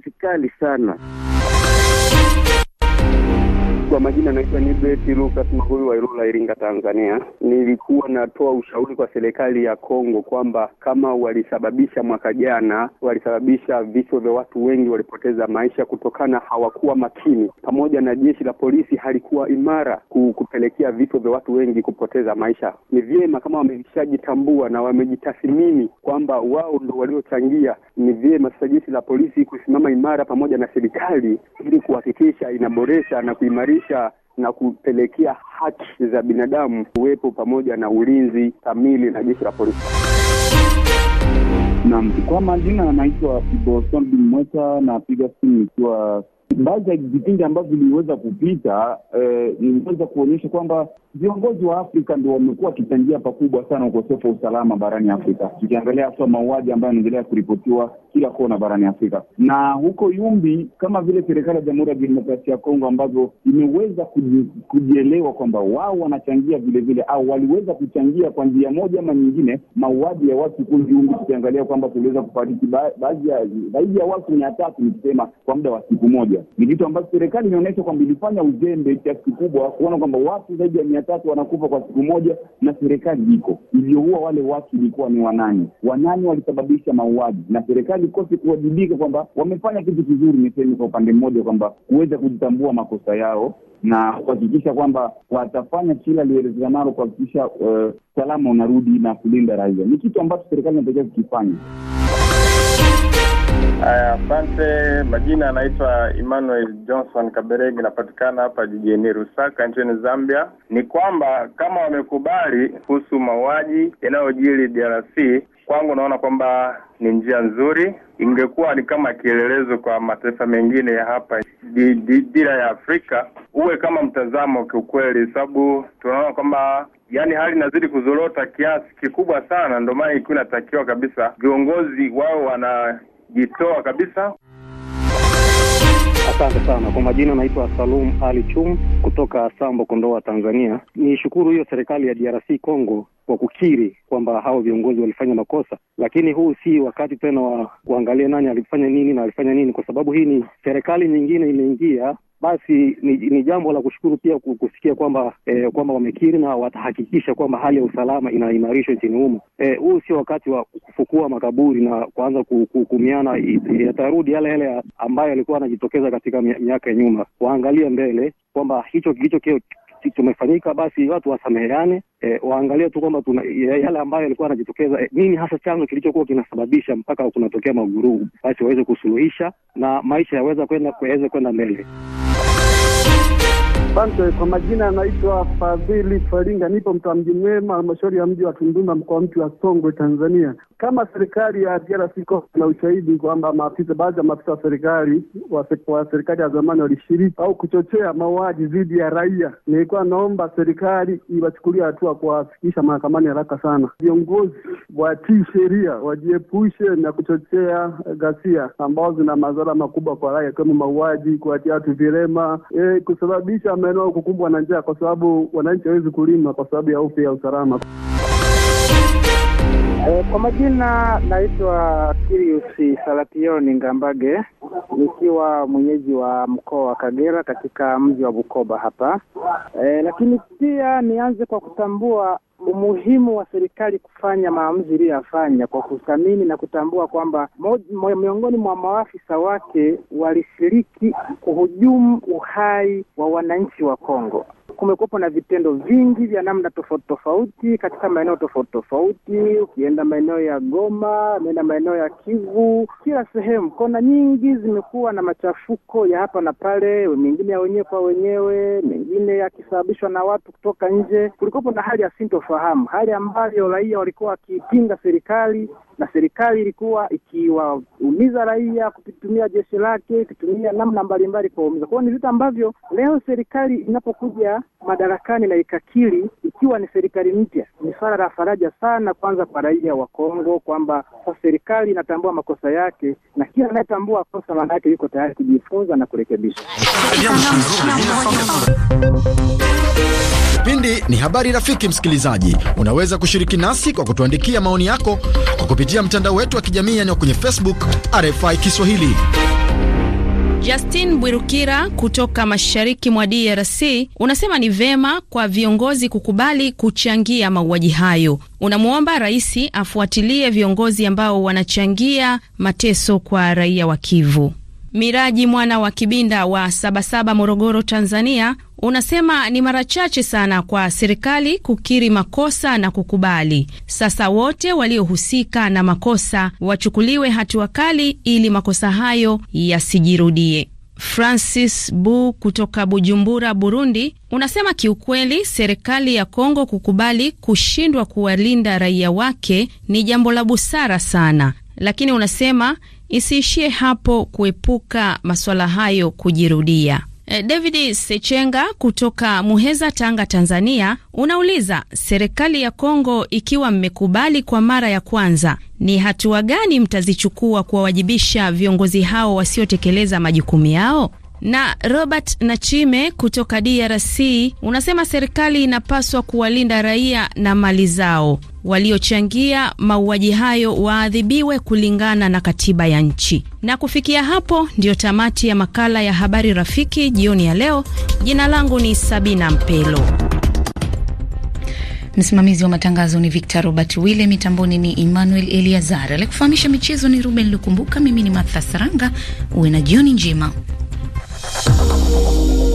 vikali sana. Kwa majina anaitwa Nibeti Lucas Mahuyu wa Ilula, Iringa, Tanzania. Nilikuwa natoa ushauri kwa serikali ya Kongo kwamba kama walisababisha mwaka jana, walisababisha vifo vya watu wengi, walipoteza maisha kutokana hawakuwa makini, pamoja na jeshi la polisi halikuwa imara kupelekea vifo vya watu wengi kupoteza maisha. Ni vyema kama wameshajitambua na wamejitathmini kwamba wao ndo waliochangia, ni vyema sasa jeshi la polisi kusimama imara pamoja na serikali ili kuhakikisha inaboresha na kuimarisha kuhakikisha na kupelekea haki za binadamu kuwepo pamoja na ulinzi kamili na jeshi la polisi. Naam, kwa majina anaitwa Boston Mweka, napiga simu ikiwa baadhi ya vipindi ambavyo viliweza kupita eh, iliweza kuonyesha kwamba viongozi wa Afrika ndio wamekuwa wakichangia pakubwa sana ukosefu wa usalama barani Afrika, tukiangalia hasa mauaji ambayo yanaendelea kuripotiwa kila kona barani Afrika na huko Yumbi, kama vile serikali ya Jamhuri ya Kidemokrasia ya Kongo ambazo imeweza kujielewa kwamba wao wanachangia vilevile au waliweza kuchangia kwa njia moja ama nyingine mauaji ya watu kule Yumbi, tukiangalia kwamba tuliweza kufariki baadhi ya zaidi ya watu mia tatu nikisema kwa muda wa siku moja. Ni vitu ambavyo serikali inaonyesha kwamba ilifanya uzembe kiasi kikubwa kuona kwamba watu zaidi ya mia tatu wanakufa kwa siku moja, na serikali iko iliyoua wale watu ilikuwa ni wanani, wanani walisababisha mauaji, na serikali kose kuwajibika kwamba wamefanya kitu kizuri. Niseme kwa upande mmoja kwamba kuweza kujitambua makosa yao na kuhakikisha kwamba watafanya kila liwezekanalo kuhakikisha usalama eh, uh, unarudi na kulinda raia, ni kitu ambacho serikali inatakiwa kukifanya. Haya, asante. Majina anaitwa Emmanuel Johnson Kaberegi, napatikana hapa jijini rusaka nchini Zambia. Ni kwamba kama wamekubali kuhusu mauaji yanayojiri DRC, kwangu naona kwamba ni njia nzuri, ingekuwa ni kama kielelezo kwa mataifa mengine ya hapa dira ya Afrika, uwe kama mtazamo kiukweli, sababu tunaona kwamba yaani hali inazidi kuzorota kiasi kikubwa sana, ndio maana ikiwa inatakiwa kabisa viongozi wao wana amejitoa kabisa. Asante sana kwa majina, naitwa Salum Ali Chum kutoka Sambo, Kondoa, Tanzania. Ni shukuru hiyo serikali ya DRC Congo kwa kukiri kwamba hao viongozi walifanya makosa, lakini huu si wakati tena wa kuangalia nani alifanya nini na alifanya nini, kwa sababu hii ni serikali nyingine imeingia basi ni, ni jambo la kushukuru pia kusikia kwamba eh, kwamba wamekiri na watahakikisha kwamba hali ya usalama inaimarishwa nchini humo. Eh, huu eh, sio wakati wa kufukua makaburi na kuanza kuhukumiana. Yatarudi yale yale ambayo yalikuwa yanajitokeza katika miaka ya nyuma. Waangalie mbele, kwamba hicho kilicho kimefanyika basi watu wasameheane, e, waangalie tu kwamba tuna yale ambayo yalikuwa yanajitokeza, e, nini hasa chanzo kilichokuwa kinasababisha mpaka kunatokea magurugu, basi waweze kusuluhisha na maisha yaweza kwenda yaweze kwenda mbele. Bante, kwa majina, anaitwa Fadhili Faringa, nipo mtaa Mji Mwema, halmashauri ya mji wa Tunduma, mkoa mpya wa Songwe, Tanzania kama serikali ya DRC na ushahidi kwamba maafisa baadhi ya maafisa wa serikali wa serikali ya zamani walishiriki au kuchochea mauaji dhidi ya raia, nilikuwa naomba serikali iwachukulia hatua kuwafikisha mahakamani haraka sana. Viongozi watii sheria, wajiepushe na kuchochea ghasia ambazo zina madhara makubwa kwa raia, kama mauaji, kuwatia watu vilema, e, kusababisha maeneo kukumbwa na njaa, kwa sababu wananchi hawezi kulima kwa sababu ya hofu ya usalama. E, kwa majina naitwa Kirius Salationi Ngambage nikiwa mwenyeji wa mkoa wa Kagera katika mji wa Bukoba hapa e, lakini pia nianze kwa kutambua umuhimu wa serikali kufanya maamuzi iliyoyafanya kwa kuthamini na kutambua kwamba miongoni mwa maafisa wake walishiriki kuhujumu uhai wa wananchi wa Kongo kumekuwepo na vitendo vingi vya namna tofauti tofauti katika maeneo tofauti tofauti. Ukienda maeneo ya Goma, ameenda maeneo ya Kivu, kila sehemu, kona nyingi zimekuwa na machafuko ya hapa na pale, mengine ya wenyewe kwa wenyewe, mengine yakisababishwa na watu kutoka nje. Kulikuwepo na hali ya sintofahamu, hali ambayo raia walikuwa wakiipinga serikali na serikali ilikuwa ikiwaumiza raia kutumia jeshi lake, ikitumia namna mbalimbali kuwaumiza. Kwa hiyo ni vitu ambavyo leo serikali inapokuja madarakani na ikakiri, ikiwa ni serikali mpya, ni swala la faraja sana, kwanza kwa raia wa Kongo kwamba sasa serikali inatambua makosa yake, na kila anayetambua kosa maana yake yuko tayari kujifunza na kurekebisha. Kipindi ni habari rafiki. Msikilizaji, unaweza kushiriki nasi kwa kutuandikia maoni yako kwa kupitia mtandao wetu wa kijamii yani kwenye Facebook RFI Kiswahili. Justin Bwirukira kutoka mashariki mwa DRC unasema ni vema kwa viongozi kukubali kuchangia mauaji hayo. Unamwomba rais afuatilie viongozi ambao wanachangia mateso kwa raia wa Kivu. Miraji mwana wa Kibinda wa Sabasaba, Morogoro, Tanzania unasema ni mara chache sana kwa serikali kukiri makosa na kukubali. Sasa wote waliohusika na makosa wachukuliwe hatua kali ili makosa hayo yasijirudie. Francis Bu kutoka Bujumbura, Burundi, unasema kiukweli, serikali ya Kongo kukubali kushindwa kuwalinda raia wake ni jambo la busara sana, lakini unasema isiishie hapo kuepuka masuala hayo kujirudia. Eh, David Sechenga kutoka Muheza, Tanga, Tanzania, unauliza serikali ya Kongo, ikiwa mmekubali kwa mara ya kwanza, ni hatua gani mtazichukua kuwawajibisha viongozi hao wasiotekeleza majukumu yao? Na Robert Nachime kutoka DRC unasema serikali inapaswa kuwalinda raia na mali zao, waliochangia mauaji hayo waadhibiwe kulingana na katiba ya nchi. Na kufikia hapo ndiyo tamati ya makala ya habari rafiki jioni ya leo. Jina langu ni Sabina Mpelo. Msimamizi wa matangazo ni Victor Robert Wille, mitamboni ni Emmanuel Eliazar, alikufahamisha michezo ni Ruben Lukumbuka, mimi ni Martha Saranga. Uwe na jioni njema. you